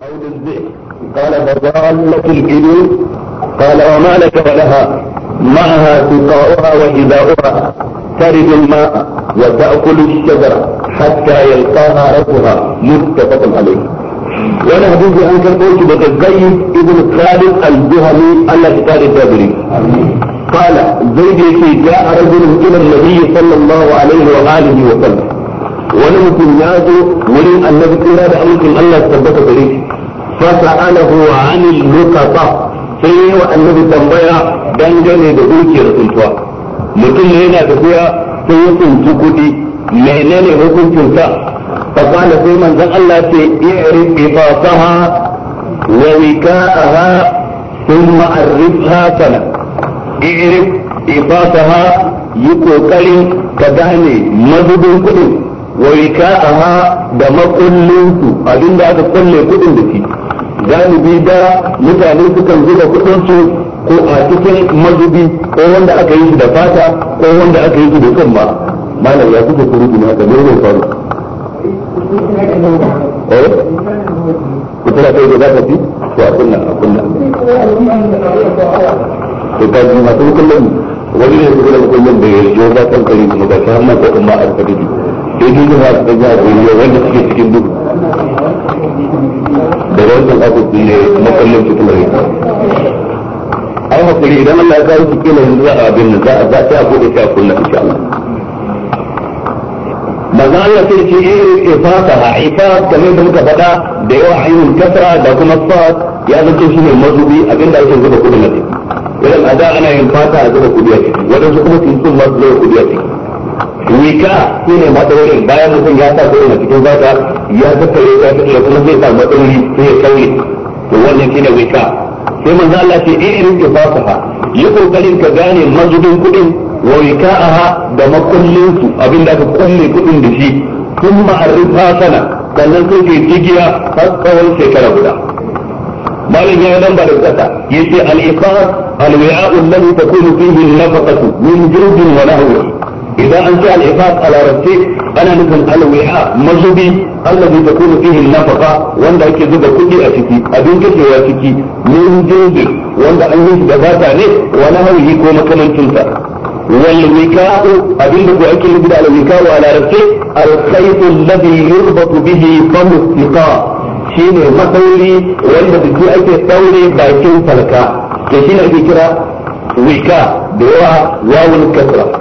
أو للذئب قال فضالة الجنود قال وما لك ولها معها سقاؤها وحذاؤها ترد الماء وتأكل الشجرة حتى يلقاها ربها متفق عليه وانا حديث عن كربوش بن زيد ابن خالد الجهمي الله تعالى الجابري قال زيد يكي جاء رجل الى النبي صلى الله عليه واله وسلم ولم يكن ياتوا ولم ان نذكر هذا da amincin Allah tabbata فسأله عن اللقطة sai wa annabi tambaya dangane da dukiyar tsuntuwa mutum ne yana tafiya sai ya tsuntu kuɗi menene hukuncin sa fa kana sai manzon Allah ce i'rif ifataha wa wika'aha thumma arrifha sana i'rif ifataha yi kokarin ka gane mazubin kuɗin wa da makullin abinda aka kulle kuɗin da galibi da mutane sukan zuba kuɗinsu ko a cikin mazubi ko wanda aka yi shi da fata ko wanda aka yi shi da kan ma malam ya kuka kuru ne haka ne ne faru eh ku tana kai da za ka fi to a kunna a kunna to ka ji masu kullum wani ne su kullum kullum da ya yi ba kan kare kuma da shi har mata kuma a tsakadi sai duk da za su ga ya wanda suke cikin duk da wancan abubu ne makallin fitina ne ai hakuri idan Allah ya kawo cikin yanzu za a abin da za a za a bude shi a kunna insha Allah manzo yi sai ce eh ifataha eh, ifat kamar da muka faɗa da yawa ayyukan kasra da kuma sa'at ya zanto shi ne mazubi abinda ake zuba kudi na ciki idan a da ana yin fata a zuba kudi a ciki wadansu kuma sun sun masu zuba kudi a ciki wika shi ne matsaloli bayan mutum ya sa kuɗin a cikin zaka ya tattare ya tattare kuma zai sa matsaloli sai ya kaure to wannan shi ne wika sai manzo Allah ce in eh, irin ki fasaha yi kokarin ka gane mazubin kuɗin wa wika'aha da makullin su abinda aka kulle kuɗin da shi kun ma'arrifa fasana sannan sai ke jigiya har tsawon shekara guda malam ya dan ba da kasa yace al-iqar al-wi'a'u alladhi takunu fihi an-nafaqatu min jirdin wa lahwi idan an ce alifas ifaq a larabce ana nufin alwiha mazubi allazi takunu fihi an-nafaqa wanda ake zuba kudi a ciki abin kashewa ciki min jinsi wanda an yi da bata ne wa nahawihi ko makamancin sa wal wika'u abin da ko ake nufi da al-wika'u a larabce al-khaytu alladhi yurbatu bihi famu thiqa shine matsauri wanda biki ake daure bakin falka da shine ake kira wika da yawa yawon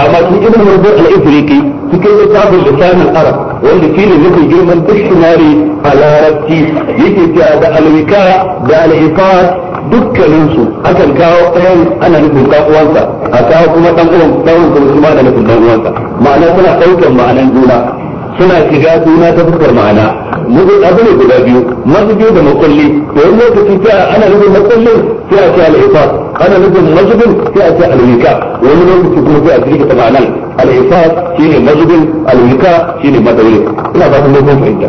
amma shi ibn marbud al-ifriqi cikin littafin lisan al-arab wanda shi ne zai girman dictionary a larabci yake cewa da al-wika da al-ifat dukkanin su akan kawo ɗayan ana nufin ɗan uwansa a kawo kuma ɗan uwan ɗan uwan kuma da nufin ɗan uwansa ma'ana suna ɗaukar ma'anan juna suna shiga suna ta fuskar ma'ana mutum abu ne guda biyu masjid da makulli to wani lokaci ta ana nufin makullin sai a ce al'ifaf ana nufin masjidin sai a ce alwika wani lokaci kuma sai a ce ta ma'anan shi ne masjidin alwika ne madauri ina ba ku mun fahimta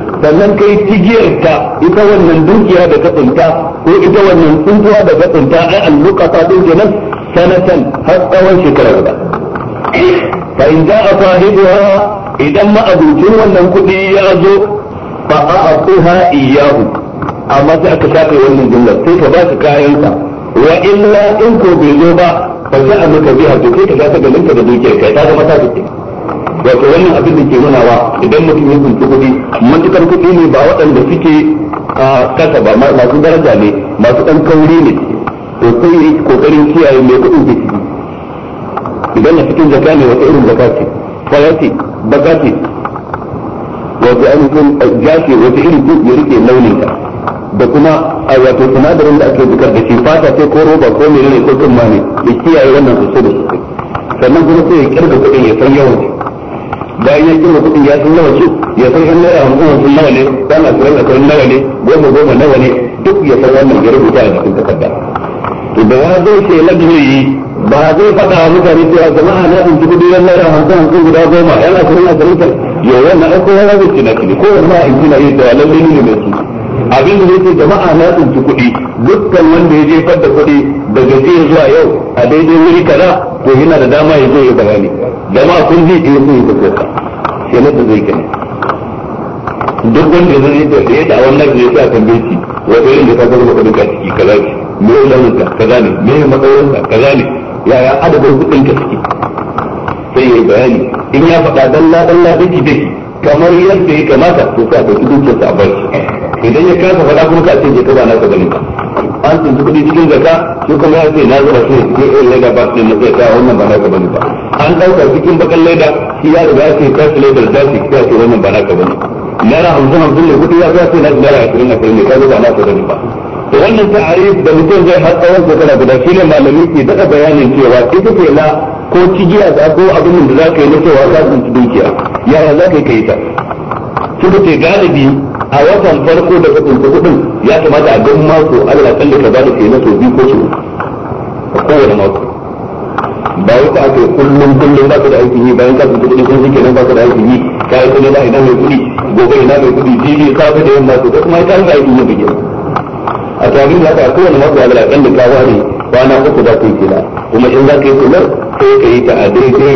sannan kai tigiyar ta ita wannan dukiya da katsunta ko ita wannan tsuntuwa da katsunta ai alluka ta din kenan sanatan har tsawon shekara guda fa in za a sahibuha idan ma'abucin wannan kuɗi ya zo fa a aqtuha iyyahu amma sai aka shafe wannan jumlar sai ka ba shi kayan wa illa in ko bai zo ba fa za a maka biya. to sai ka ga ta galinka da dukiyar kai ta zama ta fice wato wannan abin da ke nuna wa idan mutum ya kunci kuɗi matukar kuɗi ne ba waɗanda suke a kasa ba masu daraja ne masu ɗan kauri ne to sai yi kokarin kiyaye mai kuɗin ke ciki idan na cikin zaka ne wata irin zaka ce fayati baka ce wato ainihin jashi wata irin duk ya rike launin ka da kuma a wato sinadarin da ake bukar da shi fata sai ko roba ko menene ko ma ne ya kiyaye wannan sosai da sosai sannan kuma sai ya kirga kuɗin ya san yawan da ya kima kuɗin ya san nawa su ya san in naira hamsin sun nawa ne dan asirin asirin nawa ne goma goma nawa ne duk ya san wannan ya rubuta a cikin takarda to da ya zo ke ba zai faɗa wa mutane cewa jama'a na ɗin kuɗi yan naira hamsin hamsin guda goma yan asirin asirin kan yau wannan aiko ya rabu ce na kuɗi ko wani ma'in kina iya da lalle ne mai su abin da yake jama'a na ɗin kuɗi dukkan wanda ya jefar da kuɗi daga jiya zuwa yau a daidai wuri kaza to yana da dama ya zo ya bayani dama kun ji ya zo ya tafi shi ne da zai kenan duk wanda zai da ya da wannan ne ya tambaye shi wanda irin da ka zama ka ciki kaza ne me ya ka kaza ne me ya matsayin ka kaza ne ya adadin kudin ka ciki sai ya bayani in ya faɗa dalla dalla daki daki kamar yadda ya kamata to sai a ɗauki dukiyarsa a bar idan ya kasa faɗa kuma ka ce je ka ba na ka ganin ka an tuntu kuɗi cikin zaka shi kuma ya ce na zuba shi cikin irin leda ba su ne na sai wannan ba naka bane ba an ɗauka cikin bakan leda shi ya riga ya ce kashi ledar da shi ya ce wannan ba naka bane naira hamsin hamsin ne kuɗi ya ce na naira ashirin ashirin ne kaga ba naka bane ba to wannan ta'arif da mutum zai har tsawon shekara guda shi ne malami ke daɗa bayanin cewa ita ce la ko cigiya ko abin da za ka yi na cewa ka tsinci dukiya yaya za ka yi ka yi ta kuma ke galibi a watan farko da kudin kudin ya kamata a gan mako Allah kalle ka bada ke na to bi ko so a kowane mako ba wata a ce kullum kullum ba ku da aikin yi bayan ka su kudin kun shike nan ba ku da aikin yi ka yi kudi ba ina mai kudi gobe ina mai kudi ji ka fi da yamma to ko kuma ka ga aikin yi bige a tarihi ya ka kowane mako Allah kalle ka ware kwana uku za ku yi kila kuma in za ka yi kullum sai ka yi ta a daidai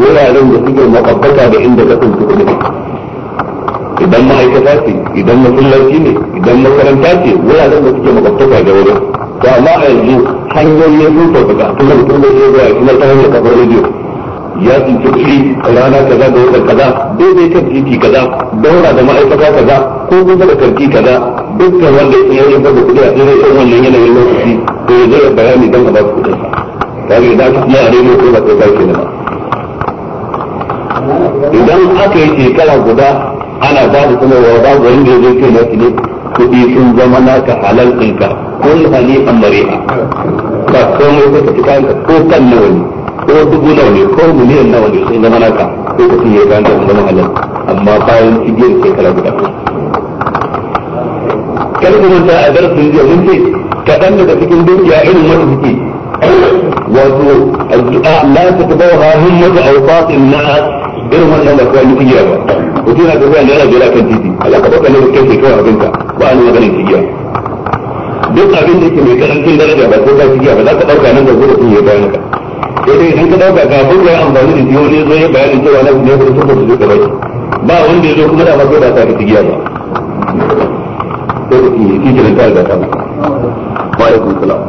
wuraren da suke makabbata da inda ka sun kudin idan ma'aikata ce idan masallaci ne idan makaranta ce wuraren da suke makwabtaka da wurin to amma a yanzu hanyoyi sun sauƙaƙa tun da mutum zai zuwa ya kuma ta hanyar kafar rediyo ya tsinci kuɗi rana kaza da wata kaza daidai kan titi kaza daura da ma'aikata kaza ko kusa da karki kaza dukkan wanda ya tsaye ya bada kuɗi a tsere kan wannan yanayin lokaci to ya zai bayani don a ba su kuɗin ta ga idan kuma a rediyo ko ba ta ba ke idan aka yi shekara guda ana ba da sanarwa babu wanda ya zai kai maka ne kuɗi sun zama naka halal ɗinka kun hali an mari'a ba komai ka tafi kayan ka ko kan nawa ne ko dubu nawa ne ko miliyan nawa ne sun zama naka ko ka fiye ga ka zama halal amma bayan cibiyar shekara guda kar ku manta a darasin jiya mun ce kaɗan daga cikin dukiya irin wata suke wato addu'a la ta tabawa himmatu awsat an-nas irin wannan ba kawai nufin giya ba mutum yana tafiya da yana jira kan titi Allah ka baka ne da kai kawai abin ka ba a maganin giya duk abin da yake mai karancin daraja ba sai ka giya ba za ka ɗauka nan da zuwa kun ya bayan ka sai dai idan ka dauka ga abin ya amfani da jiyo ne zo ya bayanin cewa na ne ba su ko ka bai ba wanda ya zo kuma da ba sai ba ta giya ba sai ka yi kike da ka da ka wa alaikum salam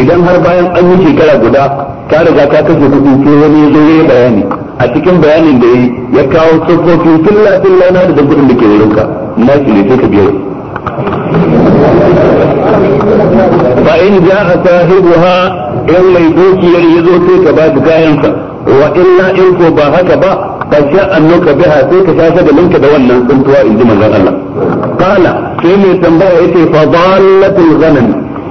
idan har bayan an yi shekara guda ka riga ka kashe kuɗi ko wani ya zo ya bayani a cikin bayanin da ya kawo tsofaffi tilla tilla na da dangudin da ke wurinka na shi ne sai ka biya fa in ja'a ha in mai dukiyar ya zo sai ka ba kayansa wa illa in ko ba haka ba fasha annuka biha sai ka shafa da linka da wannan tsuntuwa in ji manzon Allah kala sai mai tambaya yace fa dalatul ghanam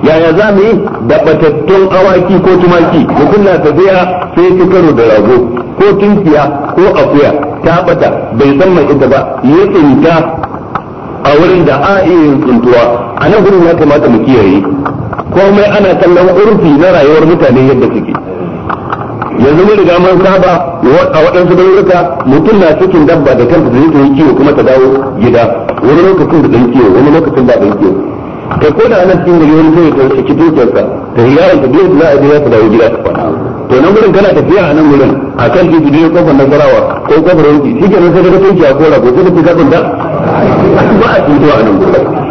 yaya za mu yi da batattun awaki ko tumaki mukulla ta biya sai ki karo da rago ko tunkiya ko akuya ta bata bai san mai ita ba ya tsinta a wurin da a iya tsuntuwa a nan gurin ya kamata mu kiyaye komai ana kallon urfi na rayuwar mutane yadda suke yanzu mun riga mun saba a waɗansu garuruka mutum na cikin dabba da kanta da yake kiwo kuma ta dawo gida wani lokacin da dan kiwo wani lokacin da dan kiwo kai ko da anan cikin gari wani sai ya saki dukiyarsa da yaron da biyar za a je ta dawo gida ta kwana to nan gurin kana tafiya a nan gurin a kan titi ne kofar nasarawa ko kofar wanki shi ke nan sai ka tafi a kora ko sai ka tafi da ba a tuntuwa a nan gurin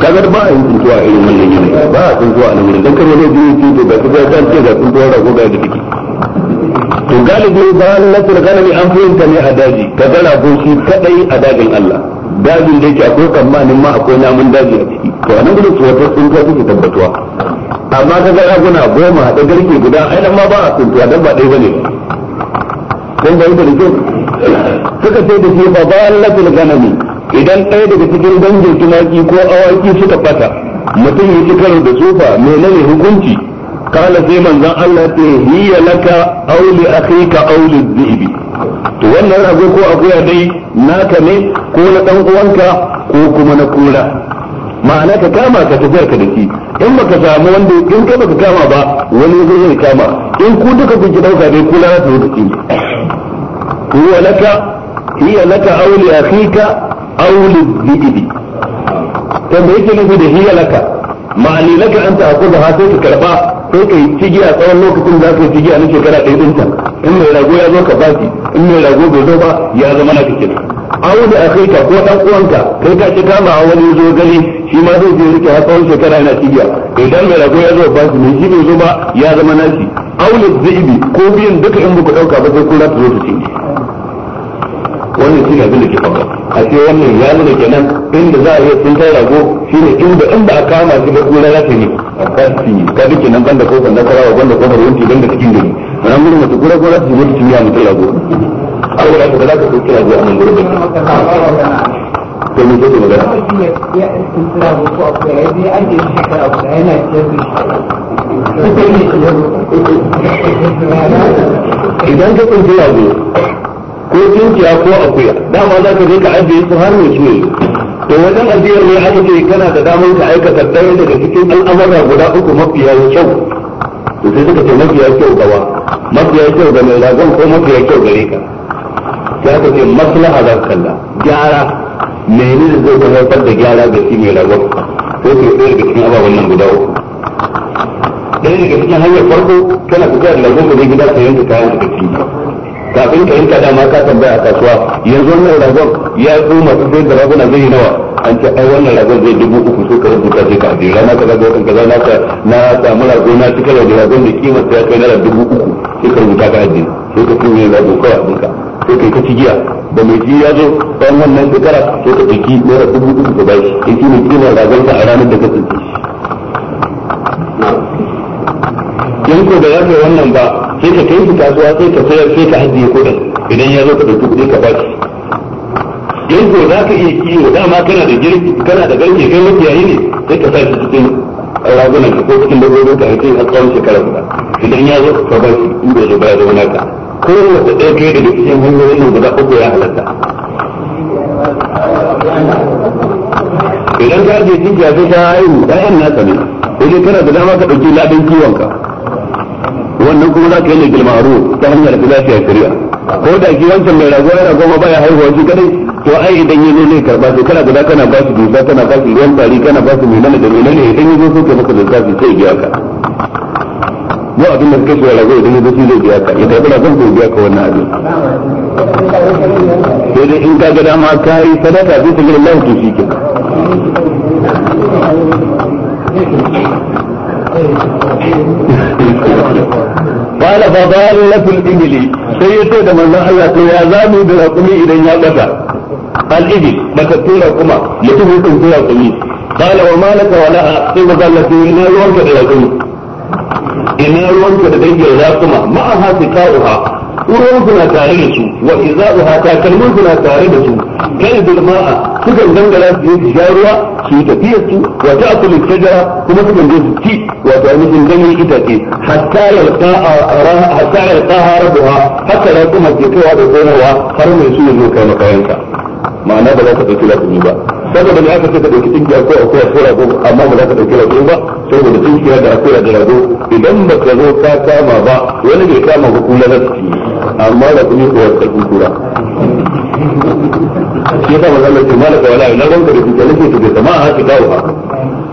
kagar ba a yi tuntuwa a irin wannan yanayi ba a tuntuwa a namurin don kare zai biyu tsuntu ga kuma ta ce ga tuntuwa da ko da take to galibi bayan da ganami an fahimta ne a daji ka gana ko shi kadai a dajin Allah dajin da yake akwai kamanin ma akwai namun daji a ciki to a nan gudun tsuwatar tsuntuwa take tabbatuwa amma goma da garke guda ainihin ma ba a tsuntuwa don ba ɗaya don da rikin suka ce da shi ba ba lakul ganani idan ɗaya daga cikin dangin tumaki ko awaki suka fata mutum ya ci karo da tsufa nane hukunci kala sai manzon Allah ce hiya laka auli a akhika ka li dhibi to wannan rago ko akuya dai naka ne ko na ɗan uwanka ko kuma na kura ma'ana ka kama ka tafiyar ka da shi in baka samu wanda in kai baka kama ba wani zai yi kama in ku duka kun ki dauka dai kula ta wuce ki huwa laka hiya laka aw li akhika aw li dhibi to me yake nufi da hiya laka ma'ani laka anta akuza ha sai ka karba sai kai cigi a tsawon lokacin za ka yi cigi a na shekara ɗaya ɗin can in mai rago ya zo ka ba in mai rago bai zo ba ya zama na a awo da akai ka ko ɗan uwanka kai ka ci kama a wani zo gani shi ma zai je rike har tsawon shekara yana kai idan mai rago ya zo ba shi mai shi bai zo ba ya zama na nashi aulid zai ko biyan duka in ba ku ɗauka ba sai kula ta zo ta cinye wannan shi ne abin da ke faɗa a ce wannan ya nuna kenan inda za a iya sun kai rago shi ne inda in a kama shi da kura ya ta a kasi ka duke nan banda kofar na karawa banda kofar wanki banda cikin gari ran gudu mata kura kura su zai cikin ya mutu rago a wuri aka za ka kira zuwa nan gurin ne magana idan ka tsinci rago ko tunkiya ko akuya dama za ka je ka ajiye su har mai ciwo to wajen ajiyar ne aka ce kana da damar ka aikata ɗaya daga cikin al'amura guda uku mafiya kyau to sai suka ce mafiya kyau gawa mafiya kyau ga mai razon ko mafiya kyau gare ka ya ka ce maslaha za ka kalla gyara mene da zai gabatar da gyara ga shi mai razon sai ke ɗaya daga cikin ababen nan guda uku ɗaya daga cikin hanyar farko kana fita da lagos ka gida ka yanka kayan da kake kafin ka yanka dama ka tambaya a kasuwa yanzu wannan ragon ya zo masu sayar da raguna zai nawa an ce ai wannan ragon zai dubu uku so ka rubuta sai ka ajiye rana kaza ga watan kaza naka na samu rago na cika da ragon da kimar ta ya kai nara dubu uku sai ka rubuta ka ajiye sai ka cinye rago kawai ka. sai kai ka ci giya da mai ji ya zo ɗan wannan shekara sai ka ɗauki naira dubu uku ka bashi in shi ne kimar ragon ta a ranar da ka tsinci in ko da ya kai wannan ba sai ka kai shi kasuwa sai ka sayar sai ka ajiye kudin idan ya zo ka ɗauki kuɗi ka baki in ko za ka iya kiwo dama kana da girki kana da garke kai yayi ne sai ka sa shi cikin eh, ragunan ka ko cikin dabbobin ka kai har tsawon shekara guda idan ya zo ka baki in bai zai bada ya ka naka ko wata ɗaya kai daga cikin hanyoyin da guda uku ya halatta idan ka je ya sai ka haihu ɗayan naka ne sai kana da dama ka ɗauki ladan kiwon ka wannan kuma za ka yi ne gil ta hanyar da lafiya kariya ko da ki wancan mai rago ya rago ma baya haihuwa shi kadai to ai idan yi zo karba su kana guda kana ba su dusa kana ba su ruwan tari kana ba su menene da menene idan ya zo so ka maka da su sai biya ka ko abin da kake so rago idan yi zo su zai biya ka idan kana zan biya ka wannan abin sai dai in ka ga dama ka yi sadaka bisa ga Allah to shi ke قال لك الإبل سيئت دم الله الله يا زامي برقمي إذن يا بطا الإبل مكتون رقما متفقون في رقمي قال وما لك ولا أقصي قال لك إنا يوانك رقمي إنا يوانك رقمي ما معها سكاؤها ورؤوسنا تاربة وإذاؤها تاكلموسنا تاربة كيد الماء سكن جنجلات بيد جارية سيتفية وتأتي للشجرة ثم سكن جزء تي وتأمس الجنة إتاتي حتى يلقى حتى يلقاها ربها حتى لا تمت يتوها بزينها فرم يسوي الموكا مكاينك معناه بلا تقتلات النباء saboda ne aka ce ka dauki tinki a kowa kowa kowa ko amma ba za ka dauki rago ba saboda tinki ya da kowa da rago idan ba ka zo ka kama ba wani bai kama ba kula na shi amma da kuma ko da kura shi ta wannan ne mala ka wala na ranka da kike nake da sama a haka dawo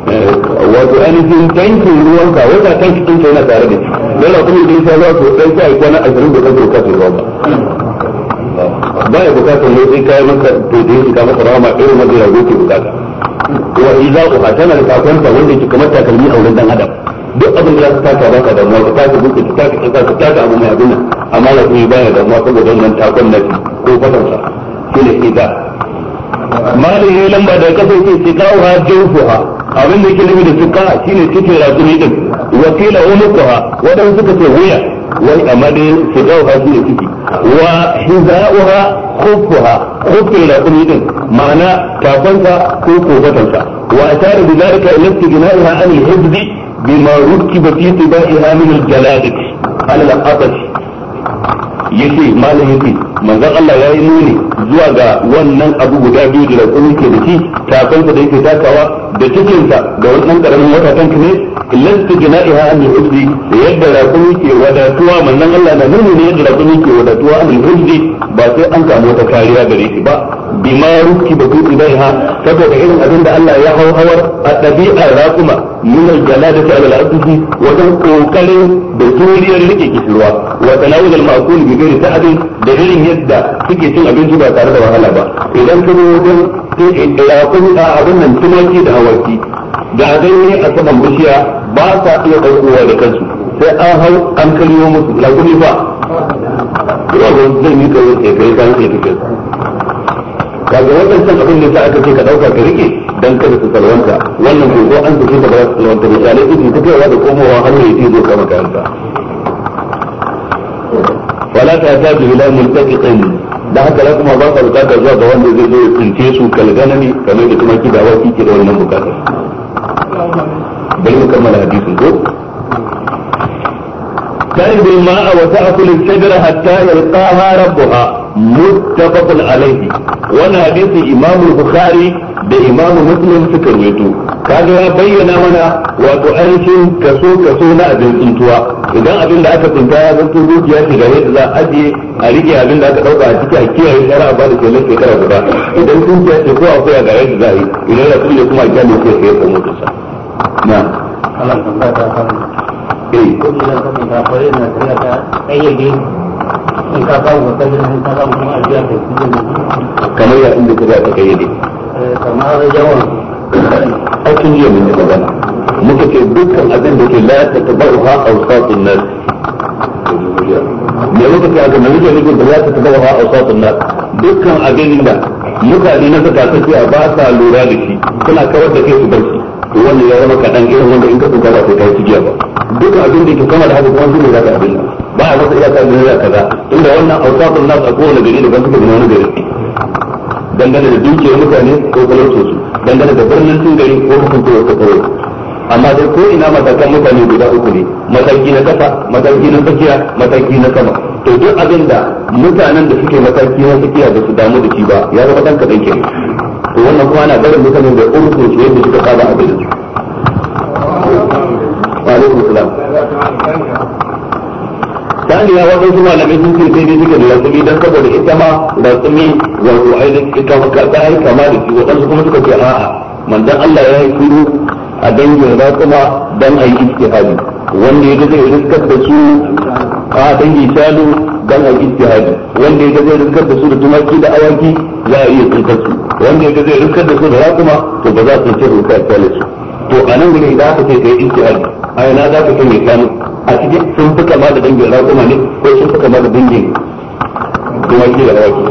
eh, wato ainihin tankin ruwanka wata tankin ɗinka yana tare da shi don na kuma idan ya sha ruwa to ɗan sha ikwana ashirin da kan ka ba ba ya bukatar ne sai kai maka to da yake maka rahama irin wanda rago ke bukata wa idza uha tana da takwanta wanda yake kamar takalmi a wurin dan adam duk abin da zaka taka baka da mu ka taka buka ka taka kasa ka taka abu mai abin amma da kuma baya mu saboda wannan takon na ko fatan sa shine idza malin ya lamba da kasa yake siqauha ha abin da ke nufi da siqa shine cikin rakumi din wa qila ha wadan suka ce wuya wai amma dai siqauha shine ciki wa hizauha khuffuha khuffin rakumi din ma'ana kafansa ko kofatansa wa tare atara bi zalika ila ha an al-hibdi rukki ba fi tibaiha min al-jalabit ala al-abash yake malin yake manzon Allah ya yi nuni zuwa ga wannan abu guda biyu da raƙon yake da shi tafansa da yake takawa da cikinsa ga wannan karamin wata tanka ne gina iya an hujji da yadda raƙon yake wadatuwa manzon Allah na nuni ne yadda raƙon yake wadatuwa an al ba sai an samu wata kariya gare shi ba bima rukki ba ku ilaiha saboda irin abin da Allah ya hau hawar a ɗabi'ar kuma min al-jalada ta al-ardi wajen kokarin da turiyar rike kishirwa wa tanawul al-ma'qul bi ghairi ta'abin da irin yadda suke cin abinci ba tare da wahala ba idan kuma wajen kuma a abin nan tumaki da hawaki ga ganye a saman bishiya ba sa iya ɗaukowa da kansu sai an hau an karyo musu raƙumi ba. Ina yi kawai sai kai kan sai daga wadancan abin da za aka kai ka dauka ka rike dan kada su salwanta wannan ko an zuke ka ba su salwanta misalai idan ta kaiwa da komowa har ne yaji zo ka makaranta wala ta ta bi ila multaqiqin da haka la kuma ba ka bukata zuwa ga wanda zai zo ya tsince su kalganami kamar da kuma ki da waki ke da wannan bukatar bari mu kammala hadisin ko تجري الماء وتأكل الشجرة حتى يلقاها ربها muttafaqun alaihi wannan hadisin imam bukhari da imamu muslim suka rawaito kaga ya bayyana mana wato ainihin kaso kaso na abin tuntuwa idan abin da aka tunta ya zanto dukiya ce gare da za a ajiye a rike abin da aka dauka a ciki a kiyaye shara ba da ke nan shekara guda idan dukiya ce ko akwai a gare da za a yi idan da kuma kuma a kyale sai ya ko mutunsa na Allah ta ta ta eh ko da ka ta fara na ta ta ayyade kamar ya inda kaza ta kayyade eh, kamar yawan aikin yi mun magana muka ce dukkan abin da ke la ta a awsatun nas me muka ce abin da muke nufi da la ta tabaruha awsatun nas dukkan abin da mutane na zaka tafiya ba sa lura da shi suna kawar da kai su bar shi to wannan ya zama kaɗan irin wanda in ka tsoka ba sai ka yi ba dukkan abin da ke kama da haka kuma su ne za ka abin nan ba a masa iyaka da naira kaza inda wannan ausatun nas a kowane gari da kanka gina wani gari dangane da dukiyar mutane ko talaucin su dangane da birnin sun gari ko hukuncin wata kawai amma dai ko ina matakan mutane guda uku ne mataki na kafa mataki na tsakiya mataki na sama to duk abin da mutanen da suke mataki na tsakiya ba su damu da shi ba ya zama dan kaɗan ke to wannan kuma na barin mutanen da urku su yadda suka saba a gari. Wa alaikum salam. saniya na malamai sun kai daidai suka da ratsumi don saboda ita ma ratsumi wato ainihin ita maka ta yi kama da shi waɗansu kuma suka ce a'a manzon Allah ya yi shiru a dangin kuma dan a yi ijtihadi wanda ya ga zai riskar da su a dangin shanu dan a yi ijtihadi wanda ya ga zai riskar da su da tumaki da awaki za a iya tsintar su wanda ya ga zai riskar da su da ratsuma to ba za su ce ruka ta su to a nan gudun idan aka ce ka yi ijtihadi a yana za ka kai mai shanu a cikin sun fi kama da dangin raƙuma ne ko sun fi kama da dangin tumaki da awaki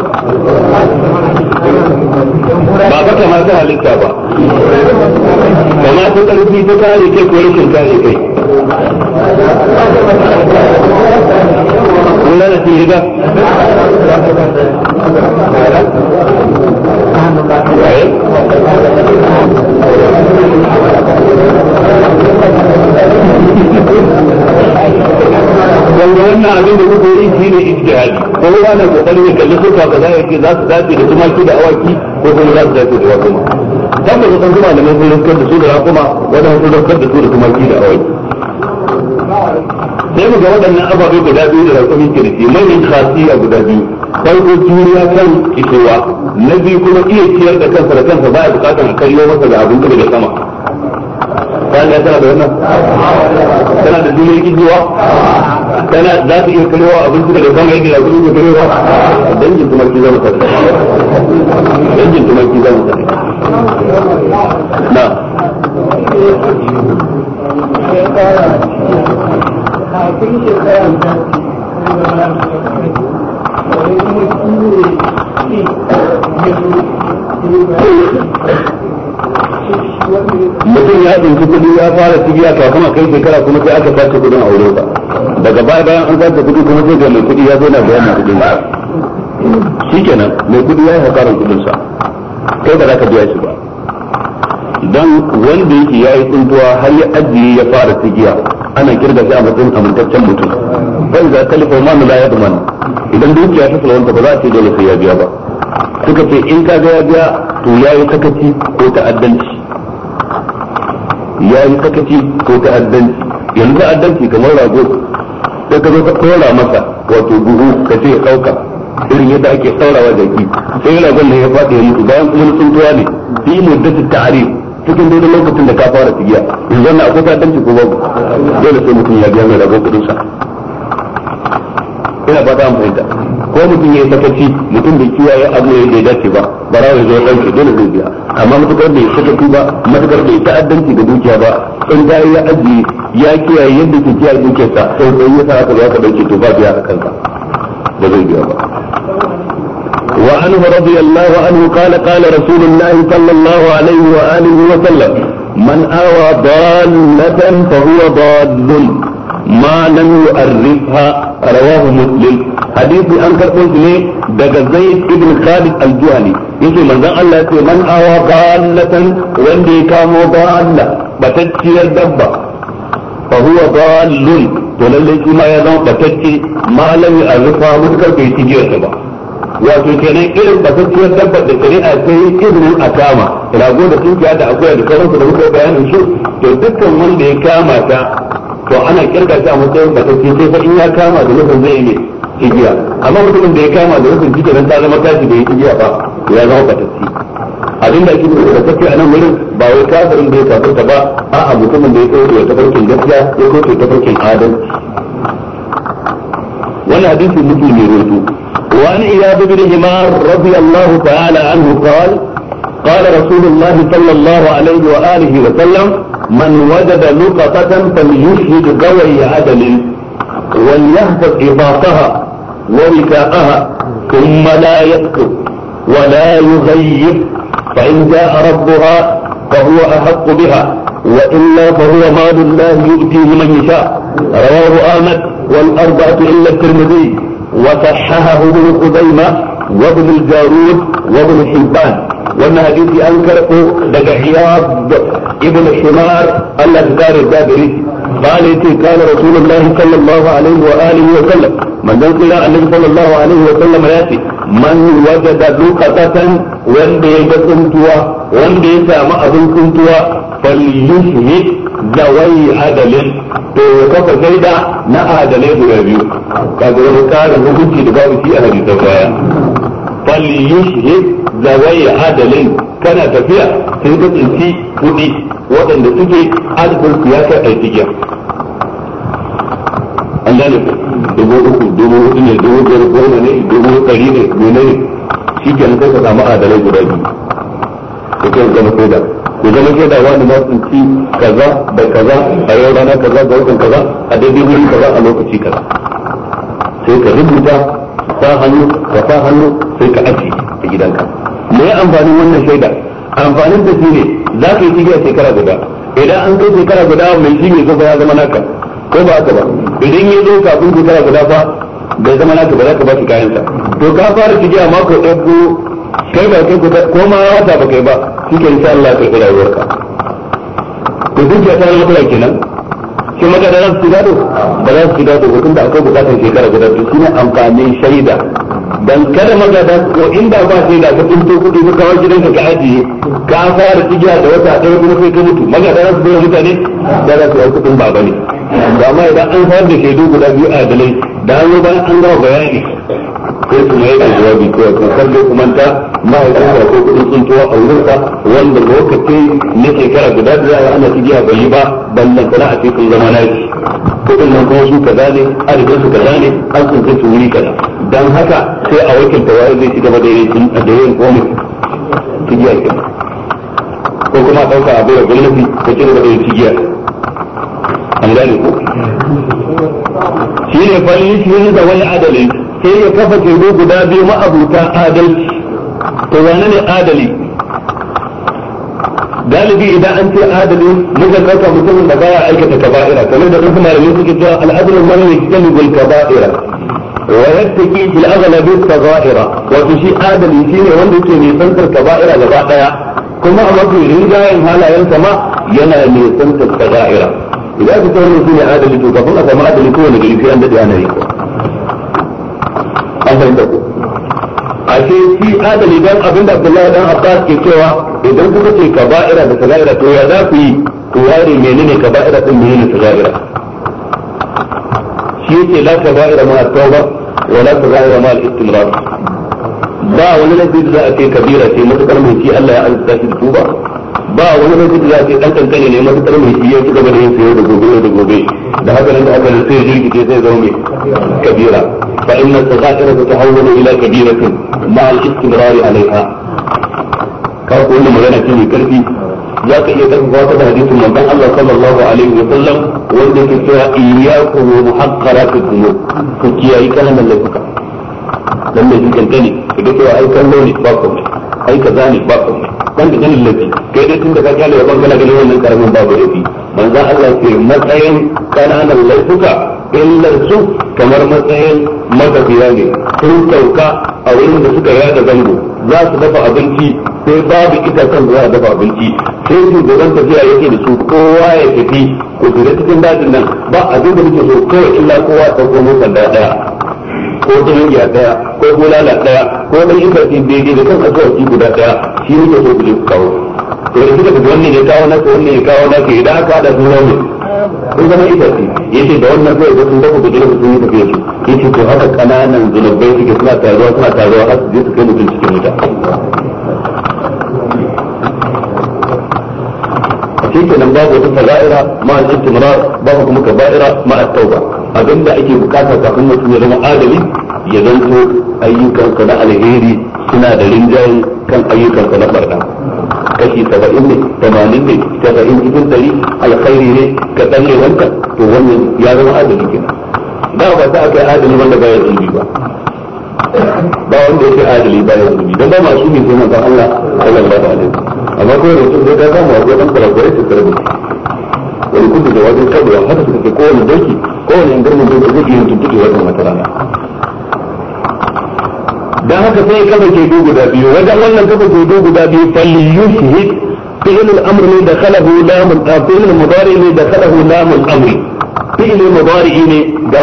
ba ba kamar ta halitta ba kama ta ƙarfi ta kare kai ko rashin kare kai kun lana sun riga Thank eh? you. wanda wannan abin da kuka yi shi ne ijtihadi ko ruwa na kokarin ya kalli suka ka za ya ce za su dace da tumaki da awaki ko kuma za su dace da wakuma tabbas sun kuma da mun rukar da su da wakuma wanda sun rukar da su da tumaki da awaki sai mu ga waɗannan ababe guda biyu da rakumi ke da shi manyan khasiya guda biyu farko juriya kan kishewa na biyu kuma iya ciyar da kansa da kansa baya bukatar karyo masa da abin da sama bayan ya tana da wannan tana da duniyar kijewa kana za ta iya karewa abinci daga sama yake da kuɗi ke karewa dangin tumaki za mu dangin tumaki za mu na Thank you. mutum ya ɗauki kuɗi ya fara tibiya kafin a kai shekara kuma sai aka sace kuɗin aure ba daga baya bayan an sace kuɗi kuma sai ga mai kuɗi ya zo na bayanin kuɗin shi kenan mai kuɗi ya yi hasarar kuɗin sa kai ba za ka biya shi ba dan wanda yake ya yi tsuntuwa har ya ajiye ya fara tibiya ana kirga shi a matsayin amintaccen mutum bai za lifa ma la ya dumana idan dukiya ta salwanta ba za a ce dole sai ya biya ba suka ce in ka ga ya biya to ya yi sakaci ko ta'addanci ya yi sakaci ko ta'addanci yanzu ta'addanci kamar rago sai ka zo ka tsora masa wato buhu ka ce ya sauka irin yadda ake da jaki sai yana nan ya faɗi ya mutu bayan kuma tuwa ne fi muddatu ta'arif cikin daidai lokacin da ka fara tigiya yanzu na akwai ta'addanci ko babu dole sai mutum ya biya mai ragon kudinsa ina ba ta fahimta ko mutum ya yi sakaci mutum bai kiyaye abu ne da ya dace ba ba za zai ɗan ke dole zai biya amma matukar bai sakaci ba matukar bai ta'addanci ga dukiya ba in da ya aji ya kiyaye yadda ke kiyaye dukiyarsa sai sai ya sa aka zo ka dauke to ba biya a kanka ba zai biya ba وعنه رضي الله عنه قال قال رسول الله صلى الله عليه وآله وسلم من آوى ضالة فهو ضال ما لم يؤرفها rawahu muslim hadisi an karɓo ne daga zaid ibn khalid al-juhani yace manzon Allah yace man awa dallatan wanda ya kamo dalla batacciyar dabba fa huwa dallun to lalle shi ma ya zama batacce malami arfa ta ba wato kenan irin batacciyar dabbar da shari'a a yi irin a kama rago da tunkiya da akuya da sauransu da muka bayanin su to dukkan wanda ya kama ta to ana kirga shi a matsayin batacce sai fa in ya kama da nufin zai ne igiya amma mutumin da ya kama da nufin kike ta zama tashi da ya igiya ba ya zama batacce abin da ake nufi batacce a nan wurin ba wai kafirin da ya kafirta ba a'a mutumin da ya kauce ta farkin gaskiya ya kauce ta farkin adalci wannan hadisi mutum ne roto وعن إياد بن همار رضي الله تعالى عنه قال قال رسول الله صلى wa عليه wa وسلم من وجد لقطة فليشهد ذوي عدل وليهتف إضافها ووكاءها ثم لا يكتب ولا يغيب فإن جاء ربها فهو أحق بها وإلا فهو مال الله يؤتيه من يشاء رواه أحمد والأربعة إلا الترمذي وصححه ابن خزيمة وابن الجارود وابن حبان وان حديثي انكرته لدى عياض ابن حمار الاخبار الدابري قال كان رسول الله صلى الله عليه واله وسلم من ذلك الى النبي صلى الله عليه وسلم ياتي من وجد لقطة وان بيد كنتوا وان بيد ما ابن كنتوا فليشهد ذوي عدل to ya kafa shaida na adalai guda biyu kaga wani karin hukunci da babu shi a hadisan baya falyushhid zawai adalin kana tafiya sai ka tsinci kuɗi waɗanda suke adadin su ya kai aikiya an gane dubu uku dubu hudu ne dubu biyar goma ne dubu ɗari ne mene ne shi ke sai ka samu adalai guda biyu ka kai zama sai da ku zama sai da wani ma ci kaza da kaza a yau rana kaza da watan kaza a daidai wuri kaza a lokaci kaza sai ka rubuta sa hannu ka sa hannu sai ka aji a gidanka me ya amfani wannan shaida amfanin da shi ne za ka yi cigiya shekara guda idan an kai shekara guda mai shi mai zuba ya zama naka ko ba haka ba idan ya zo kafin shekara guda fa bai zama naka ba za ka ba shi kayansa to ka fara cigiya mako ɗaya ko kai ba kai kuka ko ma wata ba kai ba shi ke insha Allah ka yi rayuwarka ko dukiya ta zama kula kenan shi maka da za gado ba za su gado ba tunda akwai bukatar shekara guda to shine amfani shaida dan kada maka da ko inda ba shaida ka tunto kudi ka kawo gidanka ka ajiye ka fara tijiya da wata ɗaya kuma sai ka mutu maka da za gado mutane da za su yi kudin ba bane da amma idan an fara da shaidu guda biyu a dalai da an zo bayan an gama bayani sai su mai da jawabi kawai kan kan da kuma ta mahaifin da ko kudin tsuntuwa a wurinsa wanda lokaci na shekara guda da za a ana cikiya bai yi ba ballan sana a cikin zama na shi kudin nan kuma su kaza ne arzikin su kaza ne an tsunce su wuri kaza dan haka sai a wakilta waye zai ci gaba da yin da yin komai cikiya kenan ko kuma ɗauka abu da gwamnati ko ci da yin cikiya an gane ko shi ne falle da wani adali sai ya kafa kirgo guda biyu ma'abuta adalci to wane ne adali galibi idan an ce adali muka ɗauka mutumin da baya aikata kaba'ira kamar da wasu malamai suke cewa al'adalin mara ne cikin gul kaba'ira wa yattaki fil aghlabi kaba'ira wato shi adali shine wanda yake nisantar kaba'ira gaba daya kuma a mafi rinjayen halayen sama yana nisantar kaba'ira idan aka ce wannan shine adali to kafin a samu adali kowane gari sai an dade ana yi an fahimta ko ashe shi adali dan abinda Abdullahi dan Abbas ke cewa idan kuka ce kaba'ira da saga'ira to ya za ku yi ku ware menene kaba'ira din menene saga'ira shi yake la kaba'ira ma tauba wa la saga'ira ma al-istimrar ba wani laifi da za a ce kabira ce matukar mai shi Allah ya azza shi tuba ba wani lokaci za a ce dan kankane ne masu tarmi shi ya ci gaba da yin sayo da gobe da gobe da haka nan da haka nan sai jirgi sai zama mai kabira fa inna sadaqata tatahawwalu ila kabiratin ma al-istimrari alaiha ka ko wannan magana ce mai karfi za ka iya karfafa ta da hadisin manzon Allah sallallahu alaihi wa sallam wanda ke cewa iyyakum wa muhaqqaratu dhunub ku kiyaye kana laifuka dan da shi kankane ka ga cewa ai kallo ne ba komai ai kaza ne ba komai wanda da lullafi kai dai tun da ka kyale ban kana ganin wannan karamin babu laifi manzo Allah ke matsayin kananan laifuka illar su kamar matsayin matafiya ne sun sauka a wurin da suka yada zango za su dafa abinci sai babu ita kan za a dafa abinci sai shugaban tafiya yake da su kowa ya tafi ku shiga cikin dajin nan ba abin da muke so kawai illa kowa ta komo sanda daya ko ɗangiya daya ko bulala daya ko ɗan yi karfi daidai da kan wasi guda daya shi ne ke so ku kawo to da kika ga wannan ya kawo ko wannan ya kawo ke da aka haɗa ko rauni sun zama itace yace da wannan zai ga sun dafa gudun sun yi tafiye su yace to haka kananan zunubai suke suna taruwa suna taruwa har su je su kai mutum cikin wuta shi nan babu wata sa'ira ma'a al-istimrar babu kuma kaba'ira ma at-tauba abinda ake bukata kafin mutum ya zama adali ya zanto ayyukansa na alheri suna da rinjaye kan ayyukansa na barna kashi saba'in ne tamanin ne saba'in cikin dari alkhairi ne ka tsalle wanka to wannan ya zama adali kenan ba ba ta aka yi adali wanda baya zubi ba ba wanda yake adali baya zubi don ba masu ne sai manzon Allah sallallahu ba wasallam amma kawai mutum sai ka samu wajen dan kurakurai su karbi wani kudu da wajen kaduwa haka su da kowane doki kowane ingarmin doki zai yi tuntuɓe wajen wata rana dan haka sai kafa shaidu guda biyu wajen wannan kafa shaidu guda biyu falli yushhid fi'l al ne da khalahu al-mudari ne da khalahu al-mudari ne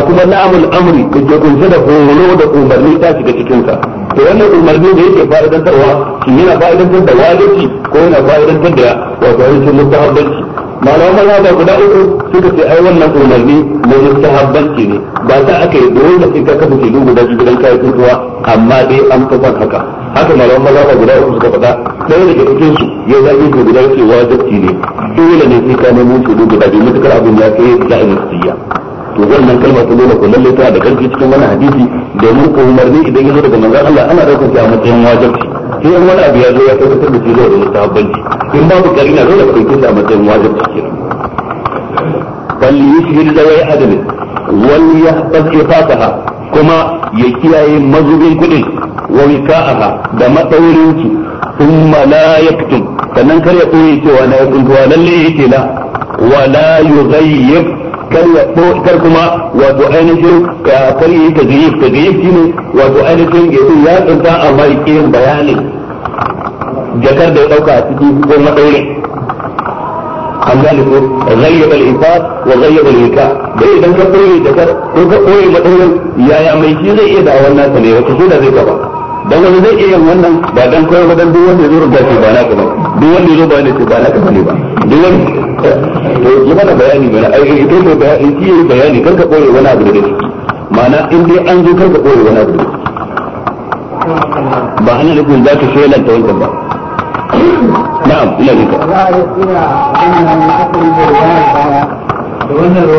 kuma lam al da ke kunshe da horo da umarni ta shiga cikin sa to wannan umarni da yake fa'idantarwa shi yana fa'idantar da wajibi ko yana fa'idantar da wato mustahabbanci malaman mazhaba guda uku suka ce ai wannan umarni na mustahabbanci ne ba ta aka yi dole da ka kafa ke guda da gidan ko kuwa amma dai an fi son haka haka malaman mazhaba guda uku suka faɗa dole daga cikin su ya zabi ko guda ce wajibi ne dole ne sai ka ku shaidu da gidan mutukar abin ya kai da amsiya to wannan kalma ta dole ko lalle ta da karfi cikin wannan hadisi domin umarni idan yazo daga manzon Allah ana daukar shi a matsayin wajibi sai an wani abu ya zo ya tabbatar da shi zuwa da mustahabbanci in babu karina dole ko dauke a matsayin wajibi kenan bal yushhid dawai adalin wal yahfaz ifataha kuma ya kiyaye mazubin kudin wa wika'aha da madaurin ki thumma la yaktum sannan kar ya koyi cewa na yakuntuwa lalle yake na wala yughayyib kar ya kar kuma wato ainihin ah, kar yi ta ta tajiyif shine wato ainihin ya ce ya tsinta a ya yin bayanin jakar da ya dauka a ciki ko madaurin an gane ko zayyaba al-ifat wa zayyaba al-hika bai idan ka koyi jakar ko ka koyi madaurin yaya mai shi zai iya da wannan ne ko shi da zai gaba daga wani zai iya wannan ba dan koyar ba dan duk wanda ya rubuta ba na ka ba duk wanda zai ba ne ba na ka ne ba duk wanda to yi mana bayani mana ai eh, ai to bayani shi yayi bayani kar ka koyar wani abu da dai ma'ana in dai an zo kar ka koyar wani abu ba ana nufin za ka shela ta wancan ba na'am ina jinka wannan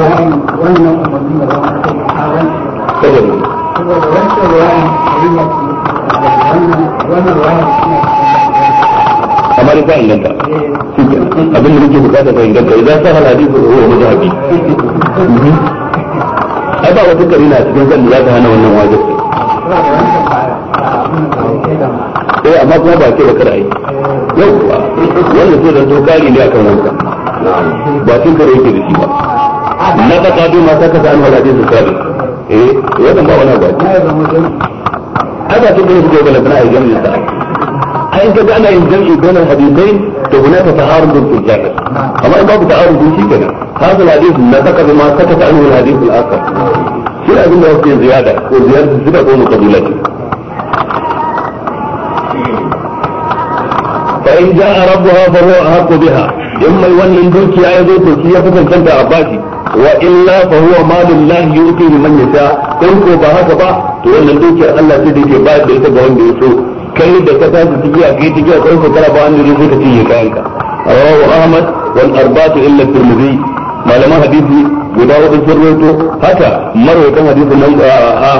wannan umarni da ba a kai a ran saboda a yi amma dai inganta abin da muke bukata ta inganta idan sa hal hadisi ko wani zahabi ai ba wata karina cikin zan za ta hana wannan wajen eh amma kuma ba ce da kada ai yau kuwa wannan sai zan to kari ne akan wanka ba cin kare yake da shi ba na ka kado ma ta kasa an wala hadisi sabi eh wannan ba wani ba هذا تقول في الابناء الجمع الثاني انت جعل الجمع بين الحديثين فهناك تعارض في الجاهل اما ان بعض تعارض في كده هذا الحديث ما ذكر ما سكت عنه الحديث الاخر في الادله في زياده وزياده الزبد ومقابلته fa in ja'a rabbuha fa huwa ahqqu biha mai wannan dukiya ya zo to ya fi a bashi wa illa fa huwa malul lahi yu'ti liman yasha in ko ba haka ba to wannan dukiyar Allah sai da yake bayar da ita ga wanda ya so kai da ka tashi kai tijiya kai ko kara ka ahmad wal arba'atu illa tirmidhi malaman hadisi guda wata sun rawaito haka marwaitan hadisi nan